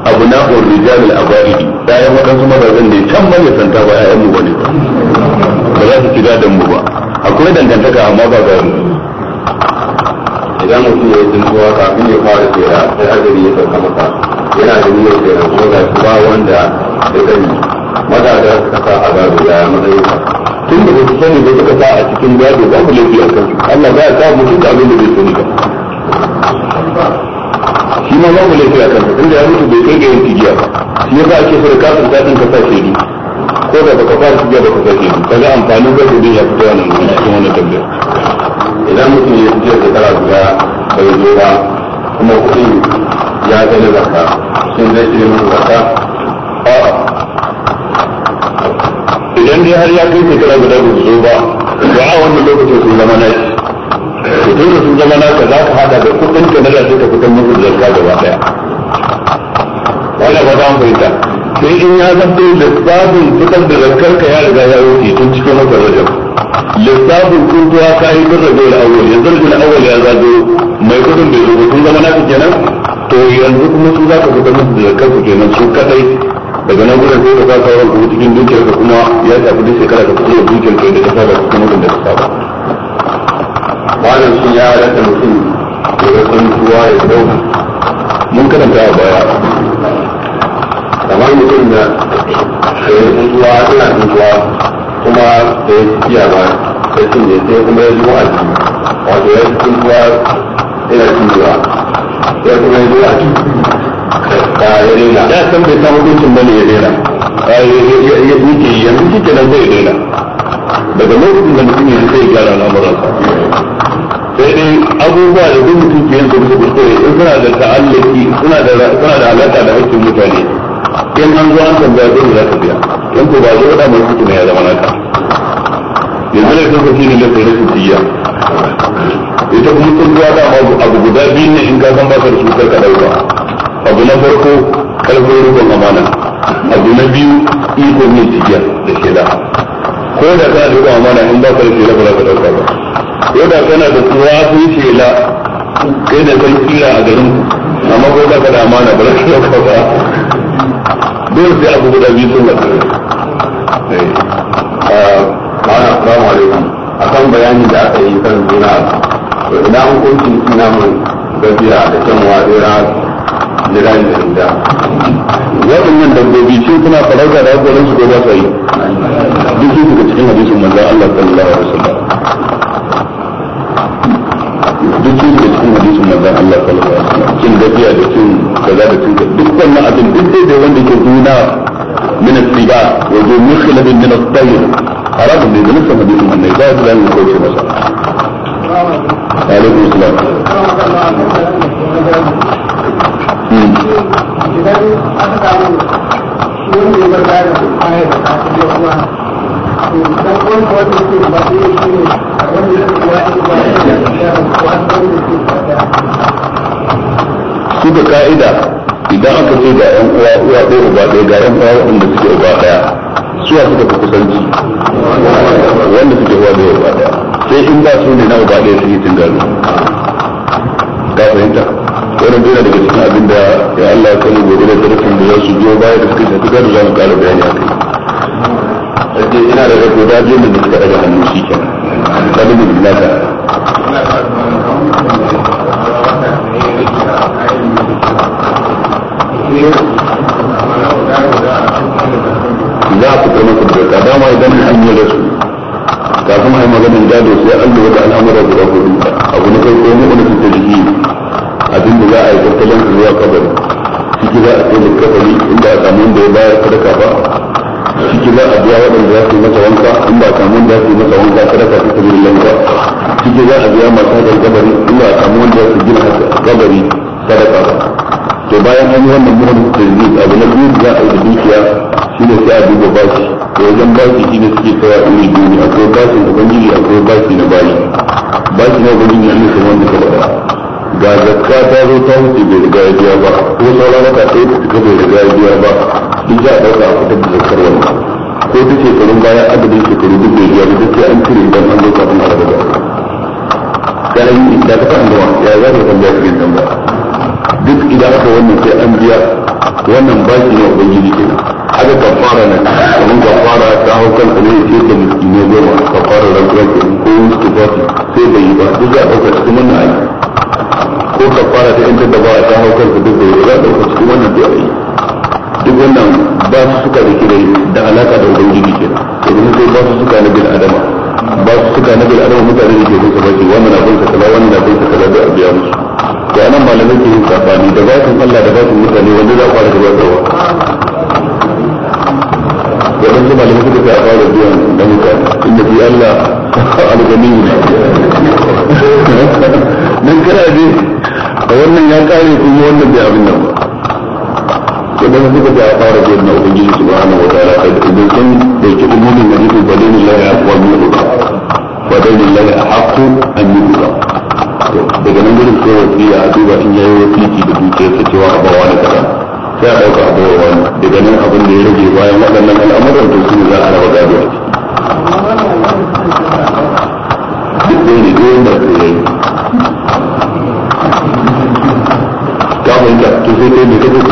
abu na urrijal al-abaidi ‘ya'yan waɗansu mazajen ne can ba ne santa ba ‘ya'yanmu ba ne ba za su ci gadon mu ba akwai dangantaka amma ba ga idan mutum ya yi tuntuwa kafin ya fara tsira sai hadari ya sauka masa yana da niyyar tsira ko ga shi ba wanda ya sani mazaza su kasa a gado ya yi matsayin sa tun da su sani da suka sa a cikin gado ba ku laifi a kansu Allah ba ya sa mutum da abin da bai sani ba shi ma ba ku laifi a kansa tun da ya mutu bai kai ga yin tijiya ba shi ya sa ake fara kafin zaɗin kasa shaidu ko da baka fara shiga da kuka ke kaga amfanin zai da ya fito wannan cikin wani tabbiyar idan mutum ya fito da tara guda bai zo ba kuma kuɗi ya gani zakka shin zai shirya musu zakka idan dai har ya kai shekara guda bai zo ba a wannan lokacin sun zama na shi to da sun zama na ka za ka hada da kuɗin ka na da ka fitar musu zakka gaba wannan ba za mu fahimta sai in ya zanto lissafin fitar da zakar ka ya riga ya wuce tun cikin watan rajab lissafin kuntuwa ka yi bin rajab da awwal yanzu rajab da awwal ya zago mai kudin bai zuba sun zama naka kenan to yanzu kuma su za ka fitar musu da zakar ku kenan su kadai daga nan gudun sai ka sa sauran ku cikin dukiyar ka kuma ya shafi duk shekara ka fitar da dukiyar ka da ka saba kuma mutum da ka saba. Wannan sun ya halatta mutum da kuntuwa ya dauka. Mun karanta a baya kamar mutum da ya yi tsuwa ana kuma da ya ciya ba ya cinye sai kuma ya zuwa ji wato ya ci tsuwa yana cinyewa ya kuma ya zuwa ji ya rena ya san bai samu dukkan bane ya rena ya yake yanzu shi kenan zai rena daga lokacin da mutum ya zai gyara al'amuransa sai dai abubuwa da duk mutum ke yin su kuskure in suna da ta'allaki suna da alaka da hakkin mutane in an zo an tambaya dole za ka biya in ko ba zo da mai hukumi ya zama naka yanzu ne kanka ne da kai rashin tiya ita kuma sun zuwa da abu guda biyu ne in ka san ka da su karka dauka abu na farko karfin rubin amana abu na biyu iko ne tiya da sheda ko da kana da amana in ba ka da sheda ba za ka dauka ba ko da kana da tsuwa sun shela kai da sarki a garin amma ko ba ka da amana ba za ka dauka ba dole sai abu guda biyu sun eh, lafi a kan bayani da aka yi kan juna an kunci namun gafiya da kyan wadira da inda waɗannan dabbobi shi suna farauta da hakorin su ba su yi duk su cikin Allah sallallahu alaihi wasallam duk hadisin manzon Allah sallallahu alaihi wasallam kin gafiya da kin kaza da kin duk wannan abin duk dai da wanda ke duna min al-tiba wa zu mikhlad min al-tayr haramun ne da nufin hadisin annabi ba su zan ko ce masa alaikum salam idan aka samu shi ne da bayan ayat da ta su da ka'ida idan aka ce ga yan uwa uwa ɗaya uba ɗaya ga yan uwa waɗanda suke uba ɗaya suwa suka fi kusanci wanda suke uwa ɗaya uba ɗaya sai in ba su ne na uba ɗaya su yi cin gado ka fahimta wannan dole daga cikin abin da ya Allah ya kanu gobe da darasin da za su biyo baya da suka shafi gano za mu ƙara bayani a kai sai ina da ga guda biyu da suka daga hannu shi ke kalmi billahi za a fitar masa da ka dama idan an yi rasu kafin a yi maganin gado sai an lura da al'amura guda hudu abu na farko ne wani fitar jiki abin da za a yi tattalin zuwa kabari ciki za a kai da kabari inda a samu da ya bayar za a biya waɗanda za su yi masa wanka in ba samu wanda za su yi masa wanka kada ka fi sabirin lanka ciki za a biya masu haɗar gabari in ba samu wanda su gina gabari kada ka to bayan an yi wannan muhimmin tarjid abu na biyu za a yi da dukiya shi ne sai a duba bashi to wajen bashi shi ne suke kawai iri biyu ne akwai bashin ubangiji akwai bashi na bayi bashi na ubangiji an yi kamar da ka faɗa ga zakka ta zo ta wuce bai riga ya biya ba ko sauran wata ɗaya ta cika bai riga ya biya ba duk za a ɗauka a fitar da zakkar wannan ko ta shekarun baya adadin shekaru duk da ya duk an cire dan an doka tun arabu da karai da ka kan da ya za ka tambaya cikin tamba duk idan aka wannan sai an biya wannan baki ne shi kenan aka fara ne kamar fara ta hau kan ne sai ka miskine goma kafara rantsuwa kenan ko yin su sai bai yi ba duk da aka ɗauka cikin wannan ko ko fara ta yantar da ba ta hau kan duk da ya za a ɗauka cikin wannan bai yi duk wannan ba su suka da kirai da alaka da ubangiji ke domin sai ba su suka na bil adama ba su suka na bil adama mutane da ke kusa baki wannan na bin kaza wannan na bin kaza da biya musu to anan malamai ke yin sabani da su Allah da ba bakin mutane wanda za ku ga gabatarwa waɗansu malamai suka ce a fara biyan da mutane inda fi Allah algani ne dan kana je wannan ya kare kuma wannan bai abin nan ba idan muka ji a fara ji na ubangiji subhanahu wa ta'ala kai da kun da ke umuri da yake badin lillahi aqwa min ruka wa dan lillahi ahqqu an yuka daga nan gurin sai wasiya a duba in yayi wasiki da dukiyar sa cewa a bawa da kaza sai a dauka a bawa wani daga nan abin da ya rage bayan waɗannan al'amuran to shine za a raba gado a ciki duk ɗaya ne duk wanda ya yi ka fahimta to sai dai mai kafa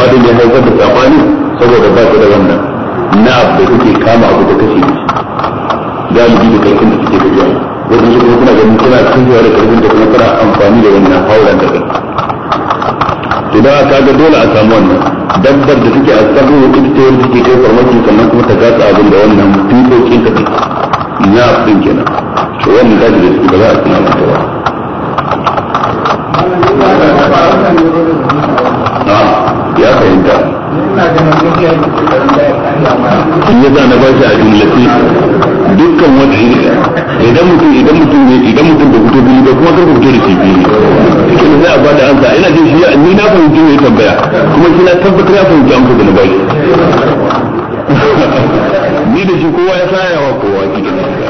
amma don ya haifar da tsamani saboda ba su da wannan na abu da kuke kama abu da kashe shi galibi da kai da kike gajiya wajen shi kuma kuna ganin kuna cikin jiya da karfin da kuma kuna amfani da wannan hauran da kai to da aka ga dole a samu wannan dabbar da kike a tsaro da ita ta wanda take kai farmaki sannan kuma ta gasa abin da wannan tukokin ta take na abin kenan to wannan gaji da suke ba za a tuna mata ba ya fahimta in ya na bashi a jumlace dukkan wata hidda idan mutum idan mutum ne idan mutum da fito biyu ba kuma karka fito da shi biyu shi ne sai a bada ansa ina jin shi ni na fahimci ne tambaya kuma shi na tabbatar ya fahimci amsa da na bashi ni da shi kowa ya saya wa kowa shi